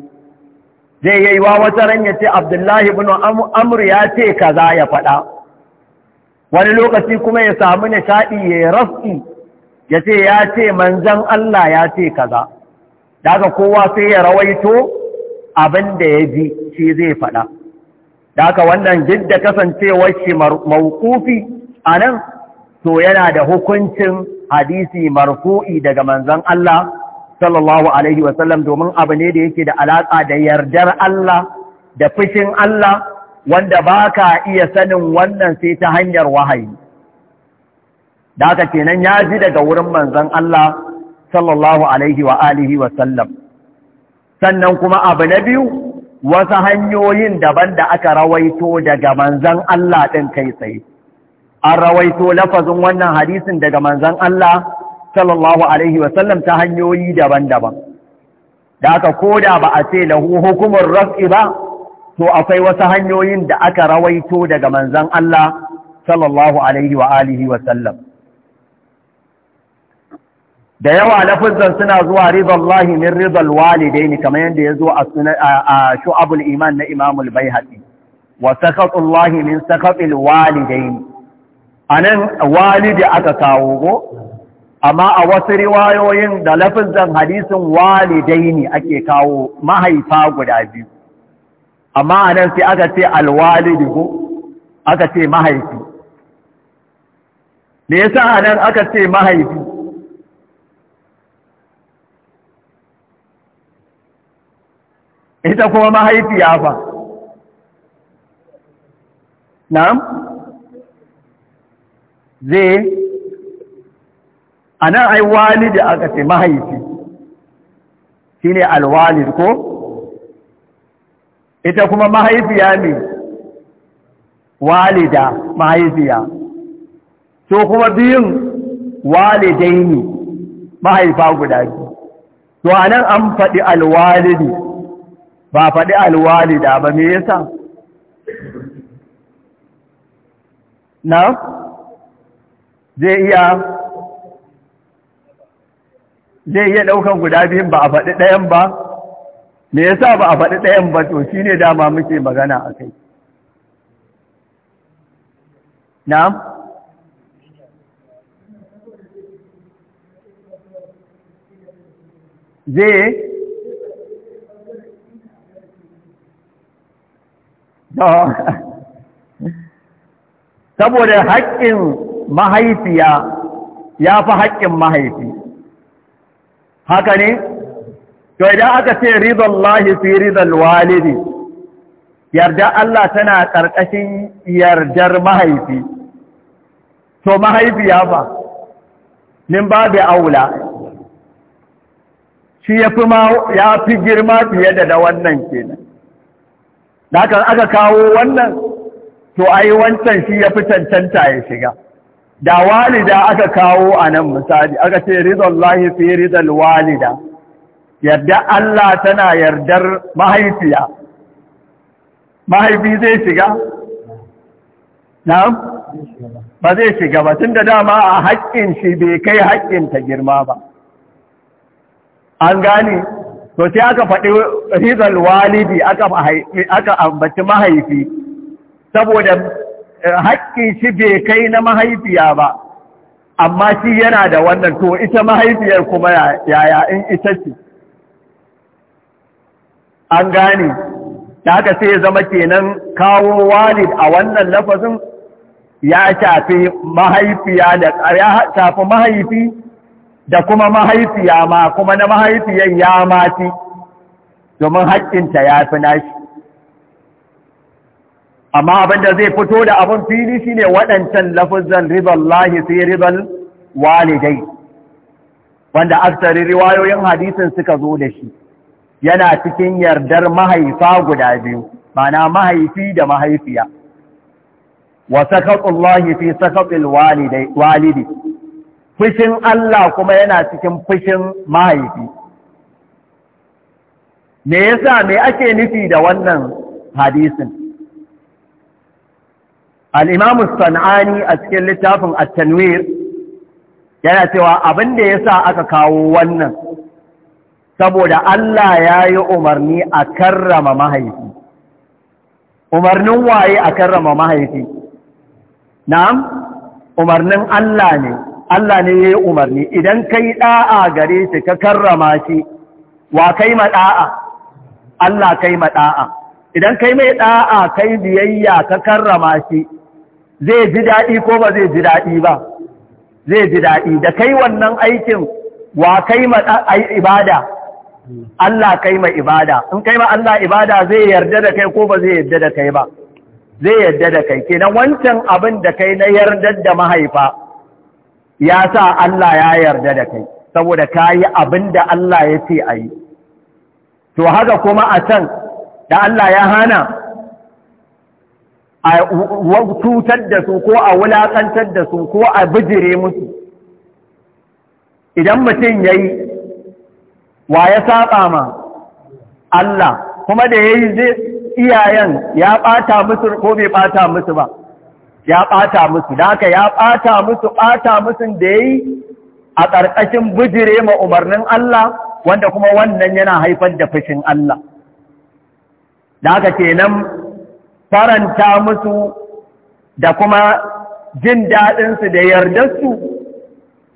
zai yi wa wata ran ya ce abdullahi bin amr ya ce kaza ya faɗa wani lokaci kuma ya samu nishaɗi ya rafi ya ce ya ce manzan Allah ya ce kaza daga kowa sai ya rawaito abin da ya ji shi zai faɗa da aka wannan duk da kasancewar shi a nan to yana da hukuncin hadisi marfu'i daga manzan Allah sallallahu alaihi wasallam domin abu ne da yake da alaƙa da yardar Allah da fushin Allah wanda ba ka iya sanin wannan sai ta hanyar wahayi da aka kenan ya ji daga wurin manzan Allah sallallahu alaihi wa wasallam sannan kuma abu na biyu wasu hanyoyin daban da aka rawaito daga manzan Allah ɗin kai tsaye an rawaito lafazin wannan hadisin daga manzan Allah sallallahu alaihi wasallam ta hanyoyi daban-daban da aka koda ba a ce lahu hukumar raf'i ba to akwai wasu hanyoyin da aka rawaito daga manzan Allah sallallahu alaihi wa alihi wasallam da yawa lafazan suna zuwa ridallahi min ridal walidaini kamar yadda ya zo a shu'abul iman na imamul baihaqi wa sakatullahi min sakatil walidaini anan walidi aka kawo go amma a wasu riwayoyin da lafazan hadisin walidaini ake kawo mahaifa guda biyu amma anan sai aka ce alwalidi go aka ce mahaifi me yasa anan aka ce mahaifi ita kuma mahaifiya fa na'am zai a nan ai walidi aka ce mahaifi shi ne alwalid ko ita kuma mahaifiya ne walida mahaifiya so kuma biyun walidai ne mahaifa guda biyu to a nan an faɗi alwalidi ba faɗi alwalida ba me yasa na zai iya zai iya ɗaukan guda biyun ba a faɗi ɗayan ba me yasa ba a faɗi ɗayan ba to shi ne dama muke magana a kai na zai [LAUGHS] saboda haƙƙin mahaifiya ya fi haƙƙin mahaifi haka ne to idan aka ce rizon lahi fi rizon walidi yarda Allah tana ƙarƙashin yardar mahaifi to mahaifiya ba ba aula shi ya fi girma fiye da da wannan kenan da aka aka kawo wannan to ai wancan shi ya fi cancanta ya shiga da walida aka kawo a nan misali aka ce ridallahi fi Rizal walida Yadda Allah tana yardar mahaifiya mahaifi zai shiga na'am ba zai shiga ba tun da dama a haƙƙin shi bai kai haƙƙin ta girma ba an gane to sai aka faɗi rizal walidi aka ambaci mahaifi saboda eh, haƙƙin shi bai kai na mahaifiya ba amma shi yana da wannan to ita mahaifiyar kuma yaya in ita ce an gane da haka sai zama kenan kawo walid a wannan lafazin ya shafi mahaifiya da ya shafi mahaifi da kuma mahaifiya ma kuma na mahaifiyan ya mati domin haƙƙinta ya fi nashi amma abinda zai fito da abin fili ne waɗancan lafuzan ribar lahi fi ribar walidai wanda aksari riwayoyin hadisin suka zo da shi yana cikin yardar mahaifa guda biyu mana mahaifi da mahaifiya wa lahi fi sakaɓin walidi fushin Allah kuma yana cikin fushin mahaifi me yasa me ake nufi da wannan hadisin Al’imamu sanani a cikin littafin Atanwir yana cewa abin da yasa aka kawo wannan saboda Allah ya yi umarni a karrama mahaifi umarnin waye a karrama mahaifi na'am umarnin Allah ne Allah ne ya yi umarni idan ka yi ɗa'a gare shi ka karrama shi wa kai ma ɗa'a Allah kai ma ɗa'a idan kai mai ɗa'a kai biyayya ka karrama shi zai ji daɗi ko ba zai ji daɗi ba zai ji daɗi da kai wannan aikin wa kai ma ibada Allah kai ma ibada in kai ma Allah ibada zai yarda da kai ko ba zai yarda da kai ba zai yarda da kai kenan wancan abin da kai na yarda da mahaifa ya sa Allah ya yarda da kai saboda ka yi abin da Allah ya ce a yi to haka kuma a can da Allah ya hana a cutar da su ko a wulaƙantar da su ko a bijire musu idan mutum ya yi wa ya saɓa ma Allah kuma da ya yi iyayen ya ɓata musu ko bai ɓata musu ba ya ɓata musu da haka ya ɓata musu ɓata musun da ya yi a ƙarƙashin bijire ma umarnin Allah wanda kuma wannan yana haifar da fashin Allah da haka kenan faranta musu da kuma jin daɗinsu da yardarsu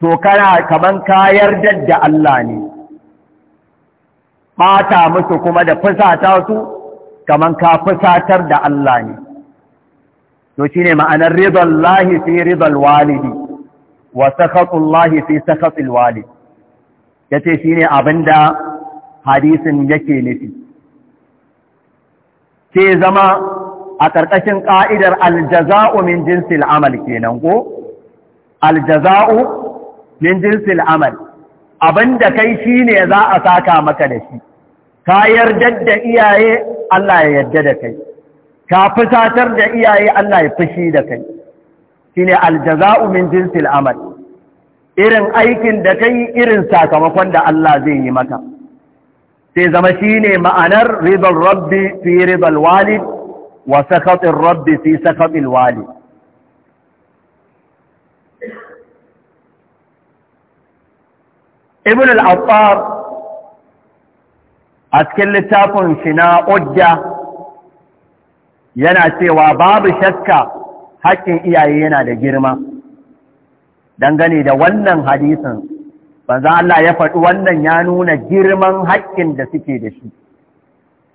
to kana kaman ka yardar da Allah ne ɓata musu kuma da fusata su kaman ka fusatar da Allah ne to shine ma'anar ridal lahi fi ridal walidi wa sakhatul lahi fi ce walid yace shine abinda hadisin yake nufi ke zama a ƙarƙashin ƙa'idar aljaza'u min jinsil amal kenan ko aljaza'u min jinsil amal abinda kai shine za a saka maka da shi ka yarda da iyaye Allah ya yarda da kai ka fusatar da iyaye Allah ya fushi da kai shine aljaza'u min jinsil amal irin aikin da kai irin sakamakon da Allah zai yi maka sai zama shine ma'anar ridal rabbi fi ridal walid wa sakatir rabbi fi sakatil walid ibn al-attar a cikin littafin shi na ujja yana cewa babu shakka haƙƙin iyaye yana da girma dangane da wannan hadisin banza Allah ya faɗi wannan ya nuna girman haƙƙin da suke da shi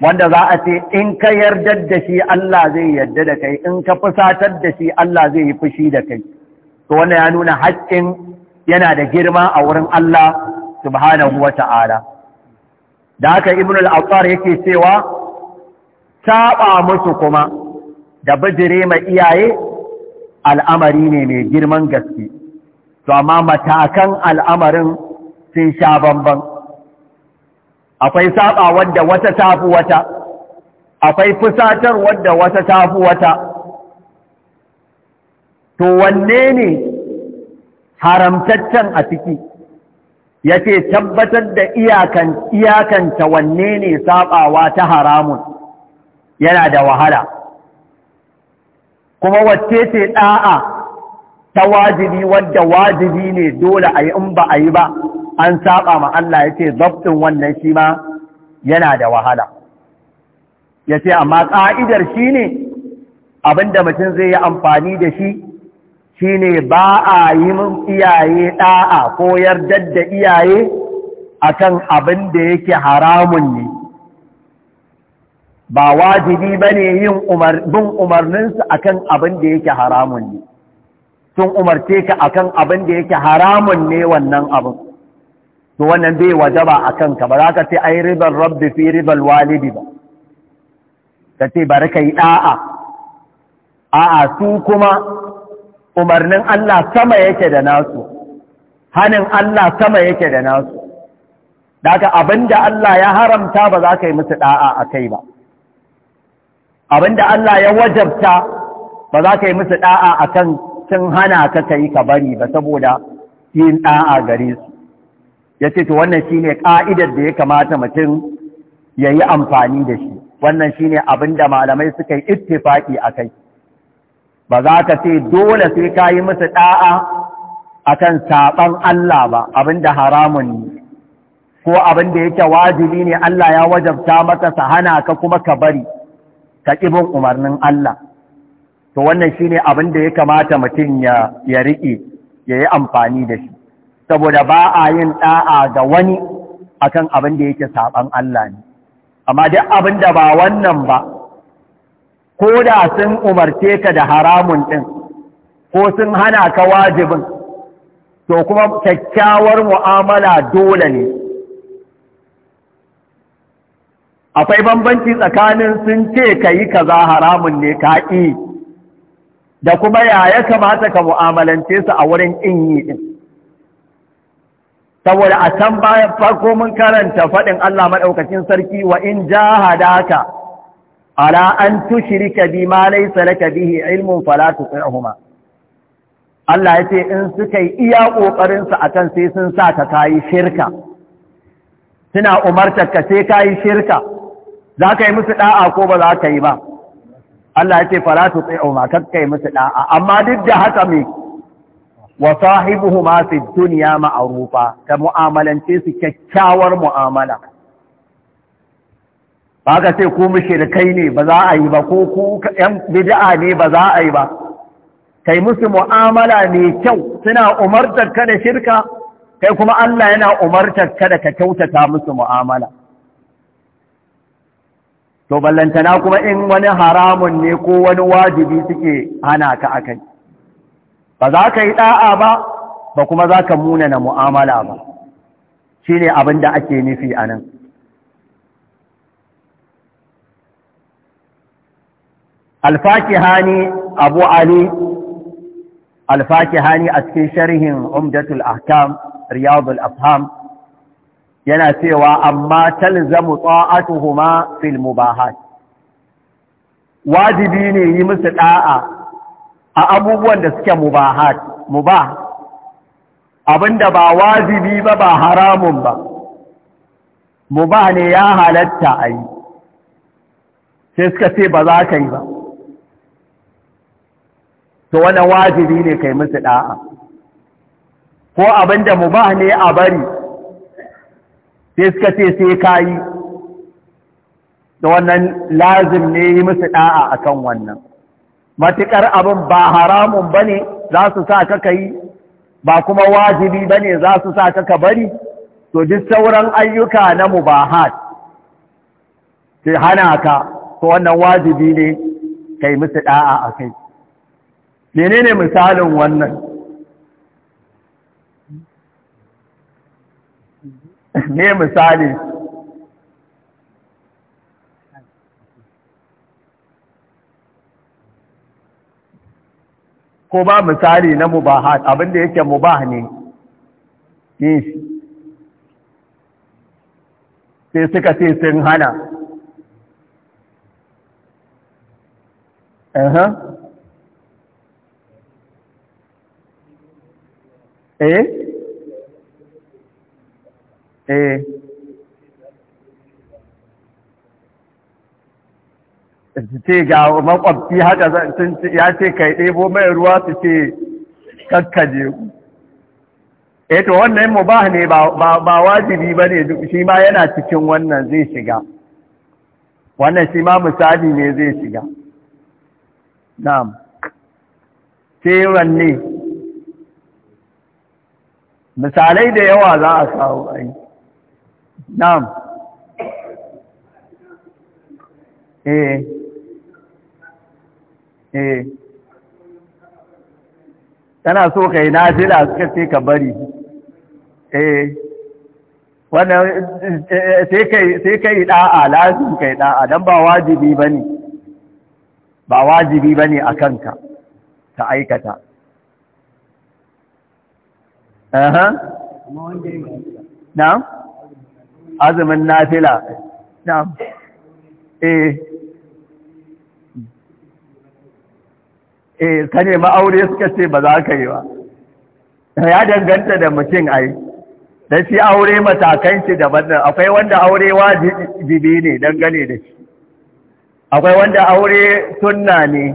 wanda za a ce in ka yardar da shi Allah zai yarda da kai in ka fusatar da shi Allah zai yi fushi da kai to wannan ya nuna haƙƙin yana da girma a wurin Allah subhanahu wa da haka ibn al-Attar yake cewa saba musu kuma da bijire mai iyaye al'amari ne mai girman gaske to amma matakan al'amarin sun sha bamban akwai saba wadda wata tafi wata akwai fusatar wadda wata tafi wata to wanne ne haramtaccen a ciki ya ce tabbatar da iyakanta wanne ne sabawa ta haramun yana da wahala kuma wacce ce ɗa'a ta wajibi wadda wajibi ne dole a yi in ba a yi ba an saba ma Allah ya ce zabtin wannan shi ma yana da wahala ya ce amma ƙa'idar shi ne abinda mutum zai yi amfani da shi shi ne ba a yi min iyaye ɗa'a ko yardar da iyaye akan abin da yake haramun ne ba wajibi ba ne yin bin umarninsu a kan abin da yake haramun ne sun umarce ka a kan abin da yake haramun ne wannan abin to wannan bai wajaba a kanka ba za ka ce ai ribar rabbi fi ribar walibi ba ka ce bari ka yi ɗa'a a'a su kuma umarnin Allah sama yake da nasu hanin Allah sama yake da nasu daga abin da Allah ya haramta ba za ka yi musu ɗa'a a kai ba abinda Allah ya wajabta ba za ka yi musu ɗa'a akan cin hana ka yi ka bari ba saboda yin ɗa'a gare su Ya ce to wannan shine ƙa'idar da ya kamata mutum ya yi amfani da shi wannan shine abinda malamai suka yi ittifaki kai. ba za ka ce dole sai ka yi musu a akan saɓan Allah ba abinda haramun ne ko abin abinda yake wajibi ne Allah ya wajabta maka hana ka kuma ka bari ta ƙibin umarnin Allah to wannan shi ne abin da ya kamata mutum ya riƙe ya yi amfani da shi saboda ba a yin ɗa'a ga wani akan abin da yake saɓan Allah ne amma duk abin da ba wannan ba ko da sun umarce ka da haramun ɗin ko sun hana ka wajibin to kuma kyakkyawar mu'amala dole ne akwai bambanci tsakanin sun ce ka yi kaza haramun ne ka ƙi da kuma ya ya kamata ka mu'amalance su a wurin in yi ɗin saboda a can bayan farko mun karanta faɗin Allah maɗaukacin sarki wa in hadaka ala an tushrika bi ma laysa laka bihi ilmun fala huma. Allah ya ce in suka yi iya ƙoƙarinsa a kan sai sun sa ka kayi shirka suna umartar ka sai kayi shirka za ka yi musu ɗa'a ko ba za ka yi ba Allah ya ce fara su tsaye ma ka kai musu ɗa'a amma duk da haka mai wasu sahibuhu ma fi duniya ma'arufa ta mu'amalance su kyakkyawar mu'amala ba ka ce ku kai ne ba za a yi ba ko ku yan bid'a ne ba za a yi ba kai musu mu'amala mai kyau suna umartar ka da shirka kai kuma Allah yana umartar ka da ka kyautata musu mu'amala to ballantana kuma in wani haramun ne ko wani wajibi suke hana ka akai ba za ka yi ɗa'a ba ba kuma za ka munana mu'amala ba shi ne abin da ake nufi a nan alfakihani abu ali alfakihani a cikin sharhin umdatul ahkam riyadul afham yana cewa amma talzamu ta'atuhuma fil mubahat wajibi ne yi musu da'a a abubuwan da suke mubahat mubah abinda ba wajibi ba ba haramun ba mubah ne ya halatta a yi sai suka ce ba za ka yi ba to wannan wajibi ne kai musu da'a ko abinda mubah ne a bari sai suka ce sai kayi da wannan lazim ne yi musu ɗa'a a kan wannan matuƙar abin ba haramun ba ne za su sa kaka yi ba kuma wajibi ba ne za su sa kaka bari to duk sauran ayyuka na mubahat sai hana ka to wannan wajibi ne kai musu ɗa'a a kai menene misalin wannan ne [LAUGHS] misali ko ba misali na mubahat abinda yake mubah ne sai suka ce sun hana eh eh su ce ga makwabci haka ya ce kai ɗebo mai ruwa su ce kakkaje eh to wannan mubah ne ba wajibi ba ne shi ma yana cikin wannan zai shiga wannan shi ma misali ne zai shiga na'am ce wanne misalai da yawa za a kawo ai na'am eh eh tana so kai nafila suka ce ka bari eh, eh, eh sai kai sai kai kai da'a dan ba wajibi bane ba wajibi bane akan ka ta aikata azumin nafila na'am eh eh ka nemi aure suka ce ba za ka yi ba ya danganta da mutum ai da shi aure matakan shi daban akwai wanda aure wajibi ne dangane da shi akwai wanda aure sunna ne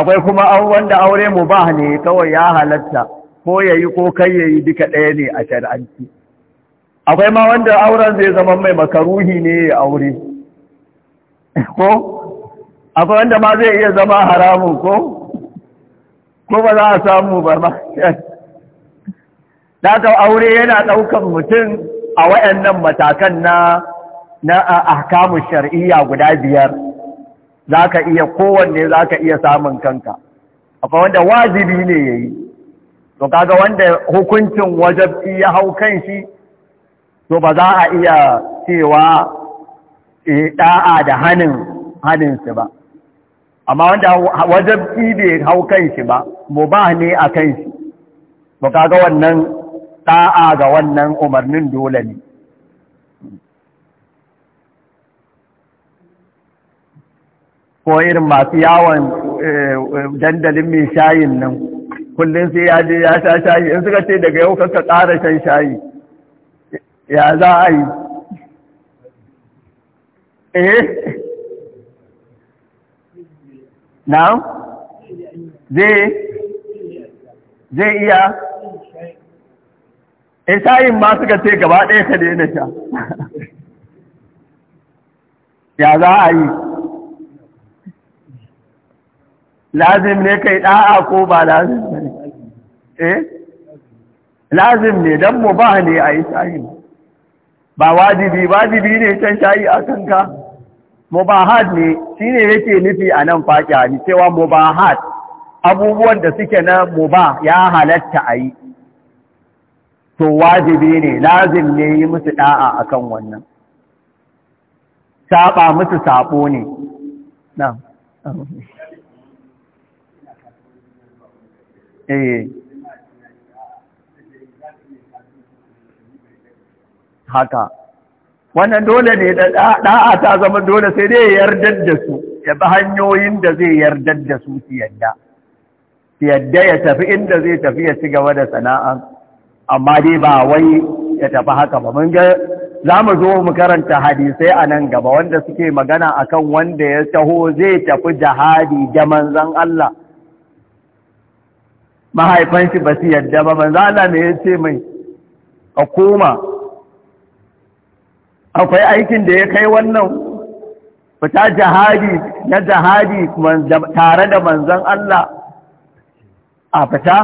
akwai kuma wanda aure mubah ne kawai ya halatta ko yayi ko kai yayi duka ɗaya ne a shar'anci akwai ma wanda auren zai zama mai makaruhi ne ya aure ko akwai wanda ma zai iya zama haramun ko ko ba za a samu ba ma da ta aure yana ɗaukan mutum a waɗannan matakan na na ahkamu shar'iyya guda biyar za ka iya kowanne za ka iya samun kanka akwai wanda wajibi ne ya yi to kaga wanda hukuncin wajabci ya hau kan shi to ba za a iya cewa eh, da'a da hannun haninsu ba amma wanda wajabci bai hau kanshi ba mu ba ne a kanshi ba kaga wannan ɗa'a ga wannan umarnin dole ne ko irin masu yawon eh, dandalin mai shayin nan kullum sai ya je ya sha shayi in suka ce daga yau kaka ƙara shan shayi ya za a yi eh na zai zai iya e shayin ma suka ce gaba ɗaya ka daina sha ya za a yi lazim ne kai ɗa'a ko ba lazim ne eh lazim ne don mu ba ne a yi ba ba wajibi wajibi ne can shayi a kanka mubahad ne shi ne yake nufi a nan faƙi ni cewa mubahad abubuwan da suke na Muba ya halatta a yi to wajibi ne lazim ne yi musu a akan wannan Saɓa musu saɓo ne na eh haka wannan dole ne da da'a ta zama dole sai dai yardar da su ya bi hanyoyin da zai yardar da su su yadda yadda ya tafi inda zai tafi ya ci gaba da sana'a amma dai ba wai ya tafi haka ba mun ga za mu zo mu karanta hadisai a nan gaba wanda suke magana akan wanda ya taho zai tafi jihadi da manzan Allah mahaifanshi ba su yadda ba manzan Allah ne ya ce mai a koma akwai aikin da ya kai wannan fita jihadi na jihadi tare da manzan Allah a fita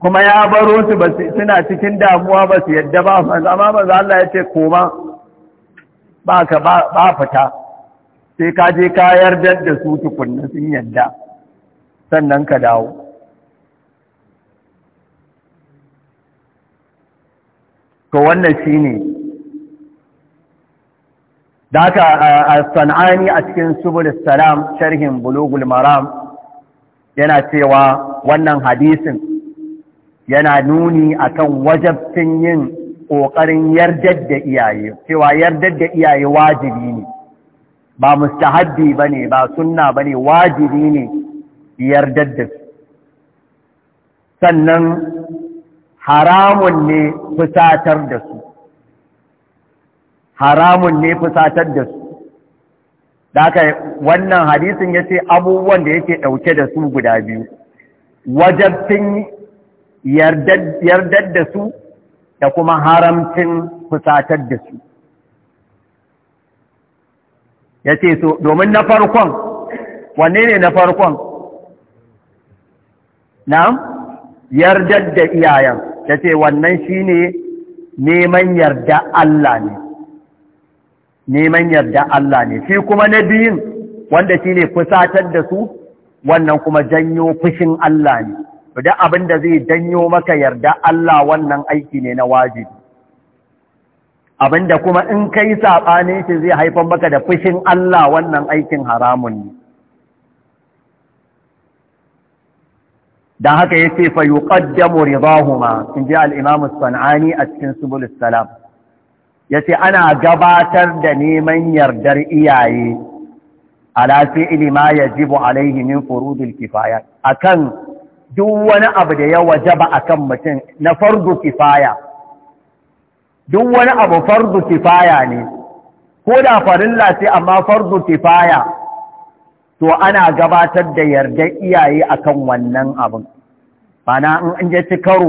kuma ya baro su suna cikin damuwa ba su yadda ba amma manzan Allah ya ce koma ba ka ba fita sai ka je kayar da su tukunna sun yadda sannan ka dawo to wannan shine da haka a san'ani a cikin subul salam sharhin bulugul maram yana cewa wannan hadisin yana nuni akan wajabcin yin ƙoƙarin yardar da iyaye cewa yardar da iyaye wajibi ne ba mustahabbi ba ne ba sunna ba ne wajibi ne yardar da sannan haramun ne fusatar da su haramun ne fusatar da su da aka wannan hadisin ya ce abubuwan da yake ɗauke da su guda biyu wajabtin yardar da su da kuma haramcin fusatar da su ya ce so domin na farkon wanne ne na farkon na yardar da iyayen ta ce wannan shi ne neman yarda Allah ne neman yarda Allah ne shi kuma na biyun wanda shi ne fusatar da su wannan kuma janyo fushin Allah ne da abin da zai janyo maka yarda Allah wannan aiki ne na wajibi abin da kuma in kai saɓanin shi zai haifar maka da fushin Allah wannan aikin haramun ne don haka ya ce fa ƙaddamu ridahuma in ji al sanani a cikin subul salam yace ana gabatar da neman yardar iyaye ala fi'li ma yajibu alaihi min furudil kifaya akan duk wani abu da ya wajaba akan mutum na fardu kifaya duk wani abu fardu kifaya ne ko da farin ce amma fardu kifaya to ana gabatar da yardar iyaye akan wannan abin bana in an ci karo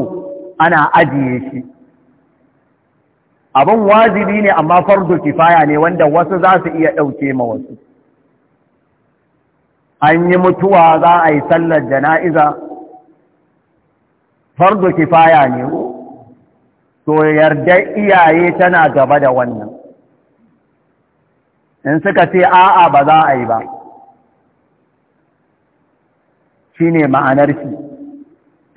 ana ajiye shi abin wajibi ne amma fardu kifaya ne wanda wasu za su iya ɗauke ma wasu an yi mutuwa za a yi sallar jana'iza fardu kifaya ne to yardar iyaye tana gaba da wannan in suka ce a'a ba za a yi ba Shi ma'anar shi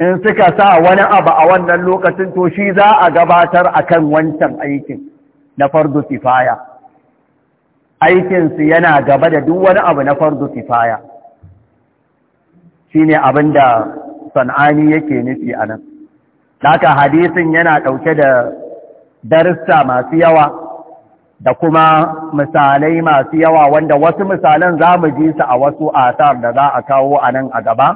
in suka sa wani abu a wannan lokacin to shi za a gabatar a kan wancan aikin na fardu sifaya aikinsu yana gaba da duk wani abu na fardu Shi ne abin da san'ani yake nufi a nan haka hadisin yana ɗauke da darussa masu yawa da kuma misalai masu yawa wanda wasu misalan za mu ji su a wasu asar da za a kawo a nan a gaba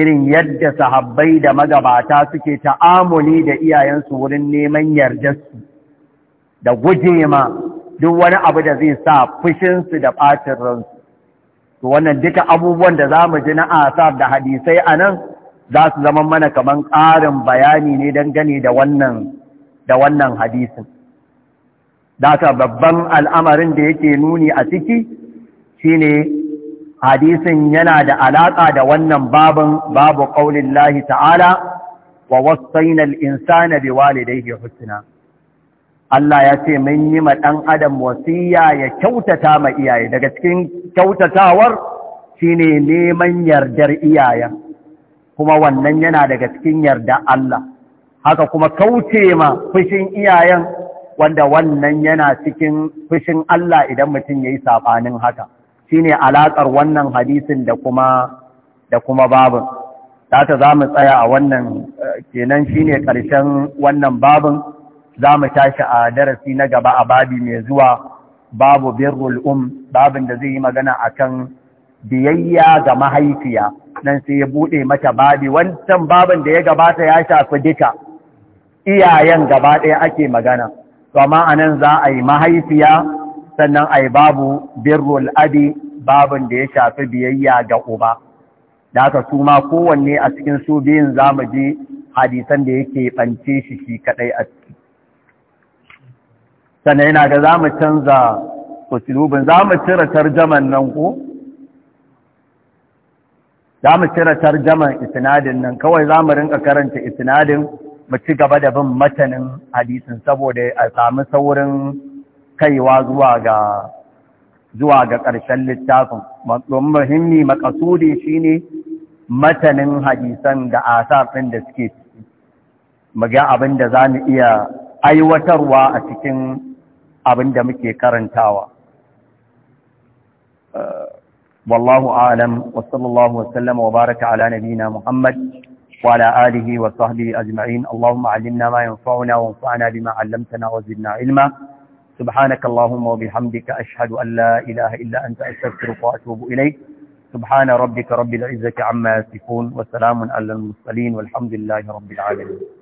irin yadda sahabbai da magabata suke ta'amuli da iyayensu wurin neman yardarsu da guje ma duk wani abu da zai sa fushinsu da ɓacin ransu to wannan duka abubuwan da za mu ji na asar da hadisai a nan za su zama mana kamar ƙarin bayani ne dangane gani da wannan hadisin Daka babban al'amarin da yake nuni a ciki shine hadisin yana da alaƙa da wannan babin babu ƙaunin lahi ta'ala wa wasainal insana bi walidaihi husna Allah ya ce mun yi ma ɗan adam wasiya ya kyautata ma iyaye daga cikin kyautatawar shine neman yardar iyayen kuma wannan yana daga cikin yarda Allah haka kuma kauce ma fushin iyayen wanda wannan yana cikin fushin Allah idan mutum ya yi saɓanin haka shi ne alaƙar wannan hadisin da kuma da kuma babin ta za mu tsaya a wannan kenan shi ne ƙarshen wannan babin za mu tashi a darasi na gaba a babi mai zuwa babu birrul um babin da zai yi magana a kan biyayya ga mahaifiya nan sai ya buɗe mata babi wancan babin da ya gabata ya shafi duka iyayen gaba ɗaya ake magana to amma nan za a yi mahaifiya sannan a yi babu birrul abi babin da ya shafi biyayya ga uba da ka su ma kowanne a cikin su biyun za mu ji hadisan da yake ɓance shi shi kaɗai a ciki sannan yana ga za mu canza usulubin za mu cire tarjaman nan ko za mu cire tarjaman isnadin nan kawai za mu rinka karanta isnadin mu ci gaba da bin matanin hadisin saboda a sami saurin kaiwa zuwa ga ƙarshen littafin muhimmi makasudi ne matanin hadisan da asafin da suke mu ga abin da za mu iya aiwatarwa a cikin abin da muke karantawa wallahu أعلم وصلى الله وسلم وبارك على نبينا ala وعلى آله وصحبه أجمعين اللهم علمنا ما ينفعنا وانفعنا بما علمتنا وزدنا علما سبحانك اللهم وبحمدك أشهد أن لا إله إلا أنت أستغفرك وأتوب إليك سبحان ربك رب العزة عما يصفون وسلام على المرسلين والحمد لله رب العالمين